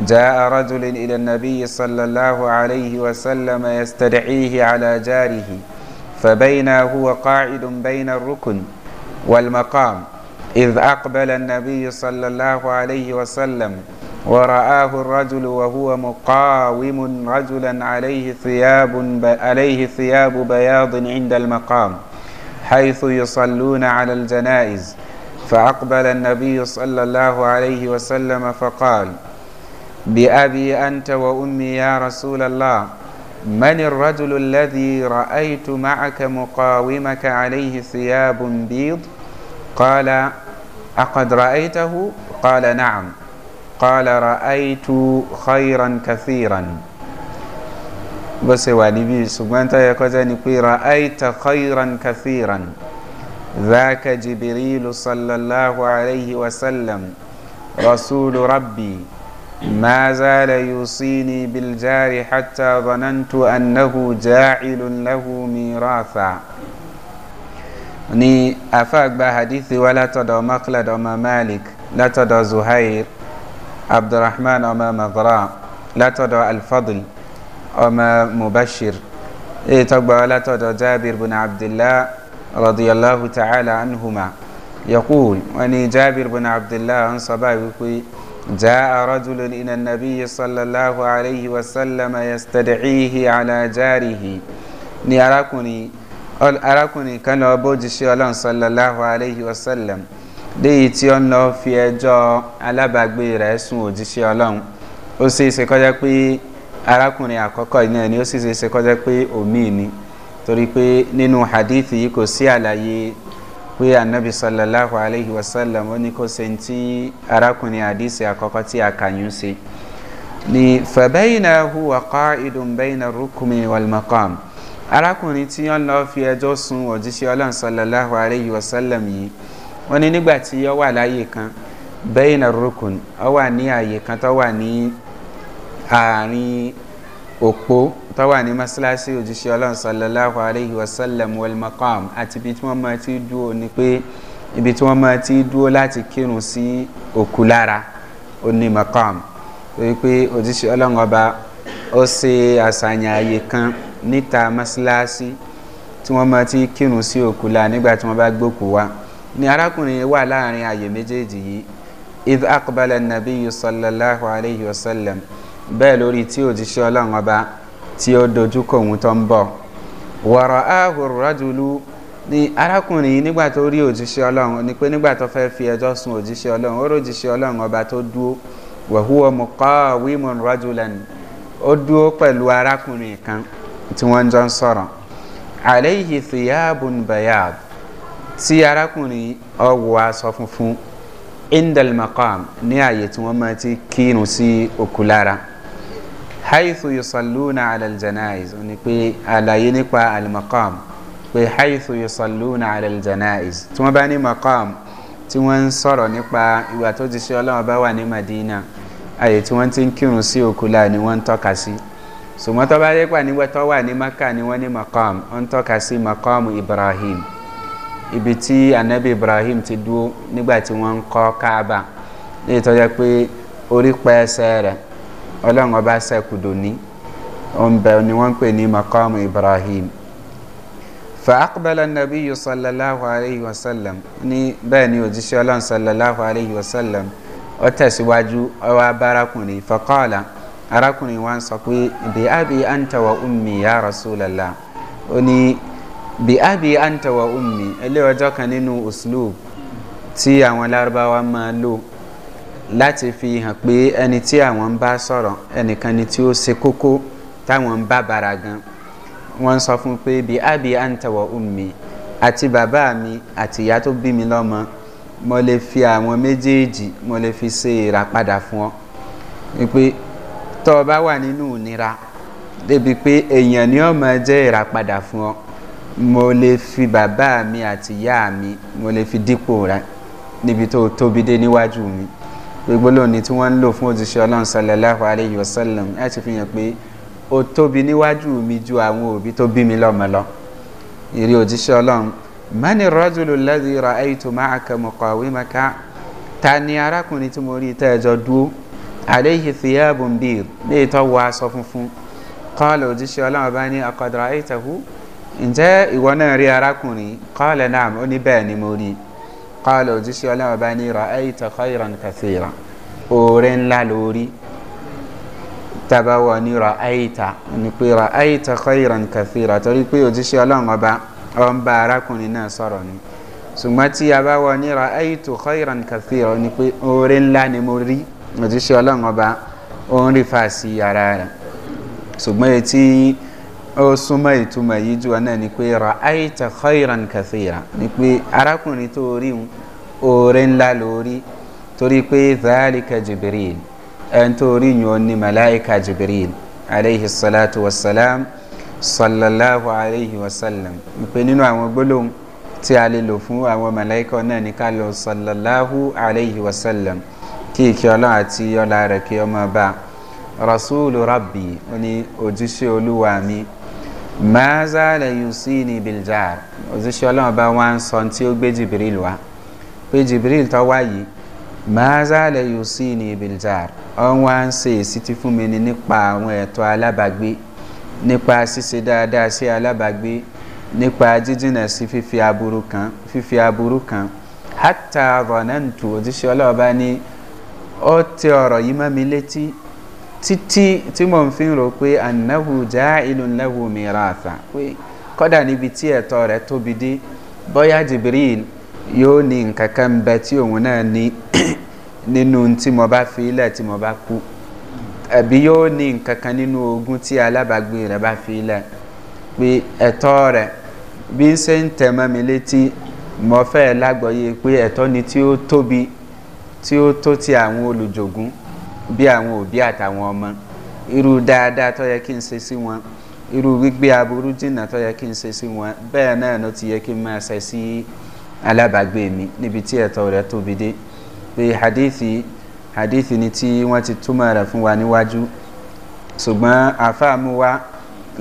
جاء رجل إلى النبي صلى الله عليه وسلم يستدعيه على جاره فبينا هو قاعد بين الركن والمقام إذ أقبل النبي صلى الله عليه وسلم ورآه الرجل وهو مقاوم رجلا عليه ثياب عليه ثياب بياض عند المقام حيث يصلون على الجنائز فأقبل النبي صلى الله عليه وسلم فقال بأبي أنت وأمي يا رسول الله من الرجل الذي رأيت معك مقاومك عليه ثياب بيض قال أقد رأيته قال نعم قال رأيت خيرا كثيرا بس والبي سبحانه يقول رأيت خيرا كثيرا ذاك جبريل صلى الله عليه وسلم رسول ربي ما زال يوصيني بالجار حتى ظننت أنه جاعل له ميراثا ني أفاق بحديث ولا تدع مقلد أما مالك لا تدع زهير عبد الرحمن أما مغراء لا تدع الفضل أما مبشر إيه تقبع لا تدع جابر بن عبد الله رضي الله تعالى عنهما يقول وني جابر بن عبد الله أنصبا يقول جاء رجل إلى النبي صلى الله عليه وسلم يستدعيه على جاره ni arákùnrin arákùnrin kan lọ bójúṣe ọlọ́run sallallahu alayhi wa sallam léyìí tí ó ń lọ fi ẹjọ́ alábàágbé rẹ̀ sùn òjíṣẹ́ ọlọ́run ó sì ṣe kọjá pé arákùnrin àkọ́kọ́ iná ẹni ó sì ṣe kọjá pé omi ni torí pé nínú hadith yìí kò sí àlàyé pé anabi sallallahu alayhi wa sallam ó ní kó ṣe ti arákùnrin àdìsí àkọ́kọ́ tí a kà yín sí ni fàbẹ́yìnà huwa kọ́ ìdùnbẹ́yìnà rúkùnmi wàlmọ́kàm arákùnrin tí wọ́n lọ́ọ́ fi ẹjọ́ sun òjíṣẹ́ ọlọ́run sallallahu alayhi wa sallam yìí wọ́n ní nígbà tí ó wà láàyè kan bẹ́yìnà rúkùn ó wà ní àyè kan tó wà ní àárín òpó tọ́wà ní masalasi òjíṣẹ́ ọlọ́run sallallahu alayhi wa sallam wal maqam àti ibi tí wọ́n máa ti dúró ni pé ibi tí wọ́n máa ti dúró láti kírun sí òkú lára ó ní maqam wípé òjíṣẹ́ ọlọ́run ọba ó ṣe àṣàyàn àyè kan níta masalasi tí wọ́n máa ti kírun sí òkú lára nígbà tí wọ́n bá gbókù wá ni arákùnrin wà láàrin àyè méjèèjì yìí id akbala nabiyu sallallahu alayhi wa sallam bẹ́ẹ̀ lórí tí òjíṣẹ́ ọlọ́run ọba tí ó dojú kọ òun tó ń bọ̀ wọ̀rọ̀ ahùrù rájúlú ni arákùnrin nígbà tó rí òjíṣẹ́ ọlọ́run ni pé nígbà tó fẹ́ fi ẹjọ́ sun òjíṣẹ́ ọlọ́run ó rójíṣẹ́ ọlọ́run ọba tó dúó wọ̀húwọ́ mọ̀kọ́ wímọ̀n rájúlan ó dúó pẹ̀lú arákùnrin kan tí wọ́n jọ ń sọ̀rọ̀ àlẹ́yìí thiyabun bayab tí arákùnrin ọwọ́ aṣọ funfun indal makam ní àyè tí wọ́n máa ti kírun sí òkú lára haithu yusalluna alal janaiz ó ní pé àlàyé nípa alimakam pé haithu yusalluna alal janaiz tí wọ́n bá ní makam tí wọ́n ń sọ̀rọ̀ nípa ìwà tó ti ṣe ọlọ́run bá wà ní madina àyè tí wọ́n ti ń kírun sí òkú láà ni wọ́n ń tọ́ka sí ṣùgbọ́n tó bá yẹ pà tó wà ní maka ni wọ́n ní makam ó ń tọ́ka sí makam ibrahim ibi tí anabi ibrahim ti dúró nígbà tí wọ́n ń kọ́ káàbà ní ìtọ́jà pé orí pẹ́ẹ́sẹ́ rẹ̀ ọlọ́run ọba sẹ́kùdò ní ọ̀nbẹ ni wọ́n ń pè ní makamu ibrahim fàákùbẹ́lá nàbí yìí sọlẹ́láhu aleyhi wa sàlẹ̀m ní bẹ́ẹ̀ ni òjíṣẹ́ ọlọ́run sọlẹ́láhu aleyhi wa sàlẹ̀m ọ tẹ̀síwájú ọwọ́ abá arákùnrin fọkọ́ọ̀lá arákùnrin wa ń sọ pé bí abi anta wa ya rasulala ó ní bí abi anta wa ummi ọjọ́ kan nínú uslub tí àwọn lárúbáwá máa lò láti fi hàn pé ẹni tí àwọn ń bá sọ̀rọ̀ ẹnìkan ni tí ó ṣe kókó táwọn ń bá bara gan wọ́n sọ fún pé bí abi antawa umi àti bàbá mi àti ìyá tó bí mi lọ́mọ mo lè fi àwọn méjèèjì mo lè fi ṣe ìràpadà fún ọ wípé tọ́ ọ bá wà nínú ìnira débi pé èèyàn ni ó jẹ́ ìràpadà fún ọ mo lè fi bàbá mi àti ìyá mi mo lè fi dípò rẹ níbi tó tóbi dé níwájú mi gbólóhùn ni tí wọ́n ń lò fún òjíṣẹ́ ọlọ́run sallallahu alayhi wa sallam láti fi hàn pé ó tóbi níwájú mi ju àwọn òbí tó bí mi lọ́mọ lọ. ìrí òjíṣẹ́ ọlọ́run mani rọ́júlù lẹ́dí ra ẹ̀yìtò máa kẹ́ mọ̀ kọ̀wé maka ta ni arákùnrin tí mo rí tẹ́ ẹjọ́ dúó àléhìí fìyàbùn bíi ní ìtọ́ wọ aṣọ funfun kọ́ọ̀lù òjíṣẹ́ ọlọ́run bá ní ọkọ̀dọ̀ ẹ̀yìtàkù ǹjẹ́ ìwọ náà rí arákùnrin kọ́ọ̀lù náà ó ní bẹ́ẹ̀ ni mo rí kọ́ọ̀lù òjíṣẹ́ ọlọ́run bá ní rọ̀ ẹ́ ìtọ́kọ́ ìrọ̀ kàfíìrọ̀ oore ńlá lórí tabawa ní rọ̀ ẹ́ ìta ní pé rọ̀ ẹ́ ìtọ́kọ́ ìrọ̀ kàfíìrọ̀ torí pé òjíṣẹ́ ọlọ́run ọba ọba arákùnrin náà sọ̀rọ̀ ni ṣùgbọ́n tí a bá wọ ní rọ̀ ẹ́ ìtọ́kọ́ ìrọ̀ kàfíìrọ̀ ni pé oore ńlá ni mo rí òjíṣẹ́ ọlọ́run ọba ó ń rí fàásì ara rẹ̀ ṣùgbọ́n etí ó súnmọ́ ìtumọ̀ yìí jù náà ni pé ra àìtà khairan kathira ni pé arákùnrin tó rí un oore ńlá lórí torí pé zaalika jibril ẹn tó rí yun ni malaika jibril aleyhi salatu wa salam sallallahu alayhi wa sallam ìpè nínú àwọn gbólóhùn tí a lè lò fún àwọn mọ̀lẹ́kọ̀ náà ní ká lọ sallallahu alayhi wa sallam kí ìkí ọlọ́run àti ọlá rẹ̀ kí ọmọ bá rasúlù rabbi ó ojúṣe olúwa mi maza la yusini biljar òṣìṣẹ́ ọlọ́run bá wá ń sọ tí ó gbé jibril wá pé jibril tó wá yìí maza la yusini biljar ọ̀n wá ń ṣe èsì tí fún mi ni nípa àwọn ẹ̀tọ́ alábàgbé nípa ṣíṣe dáadáa sí alábàgbé nípa jíjìnà sí fífi aburú kan fífi aburú kan hátà rọ̀nàǹtù òṣìṣẹ́ ọlọ́run bá ní ó ti ọ̀rọ̀ yìí mọ́ mi létí títí tí mò ń fi rò pé anahu já ìlú lahu mìíràn àtà pé kọ́dà níbi tí ẹ̀tọ́ rẹ̀ tóbi dé bóyá jibril yóò ní nǹkan kan bẹ tí òun náà ní nínú tí mo bá fi ilẹ̀ tí mo bá kú ẹ̀bí yóò ní nǹkan kan nínú ogun tí alábàgbé rẹ̀ bá fi ilẹ̀ pé ẹ̀tọ́ rẹ̀ bí ń ṣe ń tẹ̀mọ́ mi létí mo fẹ́ lágbọ́yé pé ẹ̀tọ́ ni tí ó tóbi tí ó tó ti àwọn olùjògún bí àwọn òbí àtàwọn ọmọ irú dáadáa tó yẹ kí n ṣe sí wọn irú gbígbé aburú jìnnà tó yẹ kí n ṣe sí wọn bẹ́ẹ̀ náà ló ti yẹ kí n máa ṣe sí alábàágbé mi níbi tí ẹ̀tọ́ rẹ̀ tóbi dé pé hadithi hadithi ni tí wọ́n ti túmọ̀ rẹ̀ fún wa níwájú ṣùgbọ́n àfáàmú wa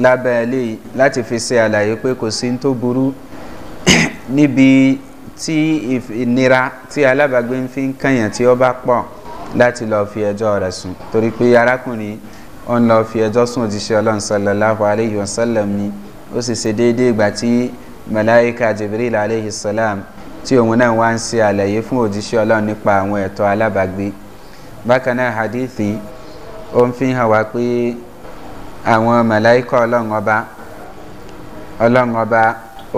lábẹ́ eléyìí láti fi ṣe àlàyé pé kò sí tó burú níbi tí ìnira tí alábàágbé fi ń kànyàn tí ó bá pọ̀ láti lọ fi ẹjọ́ rẹ̀ sùn torí pé arákùnrin ó ń lọ fi ẹjọ́ sùn òjíṣẹ́ ọlọ́run sallallahu alayhi wa ni ó sì ṣe déédéé ìgbà tí malaika jibril alayhi salam tí òun náà wá ń ṣe àlàyé fún òjíṣẹ́ ọlọ́run nípa àwọn ẹ̀tọ́ alábàgbé bákan náà hadithi ó ń fi hàn wá pé àwọn malaika ọlọ́run ọba ọlọ́run ọba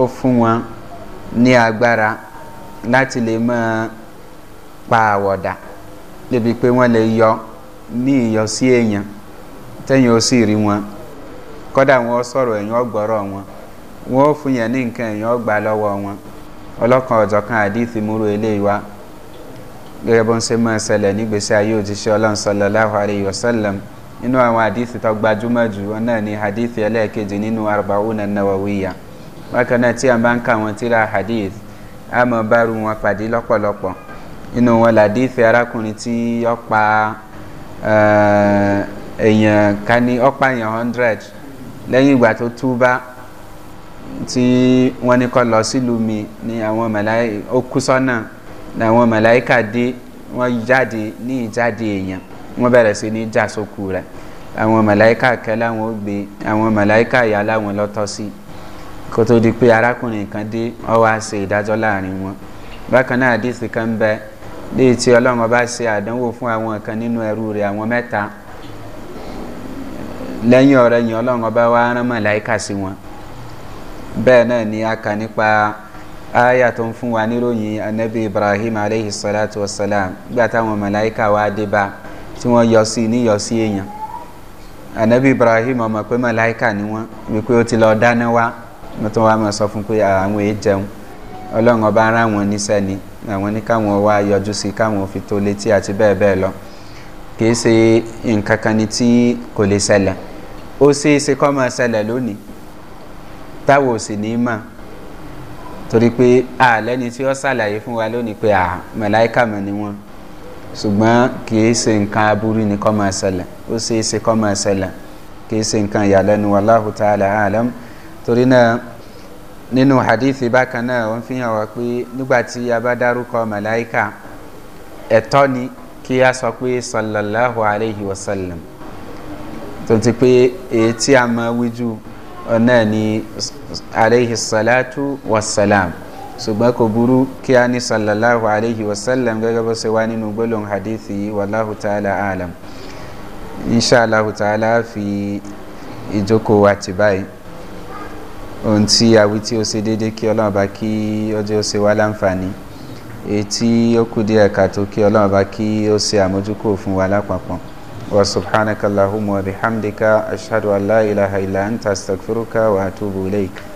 ó fún wọn ní agbára láti lè máa pa àwọ̀dà débi pé wọ́n lè yọ ní ìyọ sí èèyàn tẹ́yìn ó sì rí wọn kọ́dà wọn sọ̀rọ̀ èèyàn ọgbọ́rọ̀ wọn wọn ó fún yẹn ní nǹkan èèyàn ọgbà lọ́wọ́ wọn ọlọ́kan ọ̀jọ̀kan àdìsí múrò eléyìí wá gẹ́gẹ́ bó ń ṣe máa ṣẹlẹ̀ nígbèsí ayé òjíṣẹ́ ọlọ́run sọlọ láhùn àrẹ ìyọ̀sọ́lẹ̀m nínú àwọn àdìsí tó gbajúmọ̀ jù wọn náà ní àdìsí ẹlẹ́ẹ̀kejì nínú arbaun nàwọ̀wíyà bákan náà tí a bá ń ka àwọn tíra àdìsí a mọ̀ bá ru wọn pàdé lọ́pọ̀lọpọ̀ inú wọn làdí ìfẹ́ arákùnrin tí ọ̀pá eh, èèyàn ká ní èèyàn hundred lẹ́yìn ìgbà tó túbá tí wọ́n ni kọ́ lọ sílùú mi ní àwọn mẹ̀láì ó kú sọ́nà làwọn mẹ̀láìkà dé wọ́n jáde ní ìjáde èèyàn wọ́n bẹ̀rẹ̀ sí ní já sókù rẹ̀ àwọn mẹ̀láìkà kẹ́ láwọn ó gbé àwọn mẹ̀láìkà ìyá láwọn lọ́tọ́ sí kó tó di pé arákùnrin kan dé ọ wá ṣe ìdájọ́ láàrin wọn bákan náà àdìsí kan bẹ́ẹ̀ bíi tí ọlọ́run ọba ṣe àdánwò fún àwọn kan nínú ẹrú rẹ̀ àwọn mẹ́ta lẹ́yìn ọ̀rẹ́ yìí ọlọ́run ọba wa rán mọ̀láìkà sí wọn bẹ́ẹ̀ náà ni a kà nípa aya tó ń fún wa níròyìn anabi ibrahim aleyhi salatu wa salam gbà táwọn mọ̀láìkà wa dé bá tí wọ́n yọ sí níyọ sí èèyàn anabi ibrahim ọmọ pé mọ̀láìkà ni wọ́n wípé ó ti lọ dáná wá mo tún wá mọ̀ sọ fún pé àwọn èèyàn jẹun ọlọ́run ọba rán wọn níṣẹ́ ni. Sani àwọn ní káwọn wá yọjú sí káwọn fi tó létí àti bẹ́ẹ̀ bẹ́ẹ̀ lọ kìí ṣe nǹkan kan ni tí kò lè ṣẹlẹ̀ ó ṣe é ṣe kọ́ máa ṣẹlẹ̀ lónìí táwọn ò sì ní í mà torí pé àlẹ́ ni tí ó ṣàlàyé fún wa lónìí pé mẹ̀láìkà mọ̀ ni wọ́n ṣùgbọ́n kìí ṣe nǹkan aburú ni kọ́ máa ṣẹlẹ̀ ó ṣe é ṣe kọ́ máa ṣẹlẹ̀ kìí ṣe nǹkan ìyàlẹ́nu wàláhùtà àlẹ́ àlẹ́m torí náà nínú hadithi bákan náà wọ́n fi hàn wá pé nígbà tí a bá dárúkọ màláìka ẹ̀tọ́ ni kí a sọ pé sallallahu alayhi wa sallam tó ti pé èyí tí a máa wíjú náà ni alayhi salatu wa salam ṣùgbọ́n kò burú kí a ní sallallahu alayhi wa sallam gẹ́gẹ́ bó ṣe wá nínú gbólóhùn hadithi wàláhu ta'ala alam inshallah ta'ala fi ìjókòó àti báyìí ohun tí awi tí ó ṣe déédéé kí ọlọ́run bá kí ọjọ́ ó ṣe wá láǹfààní èyí tí ó kù díẹ̀ kàtó kí ọlọ́run bá kí o ṣe àmójúkò fún wa lápapọ̀ wa subhanakallahumma wa bihamdika ashhadu an la ilaha illa anta astaghfiruka wa atubu ilayk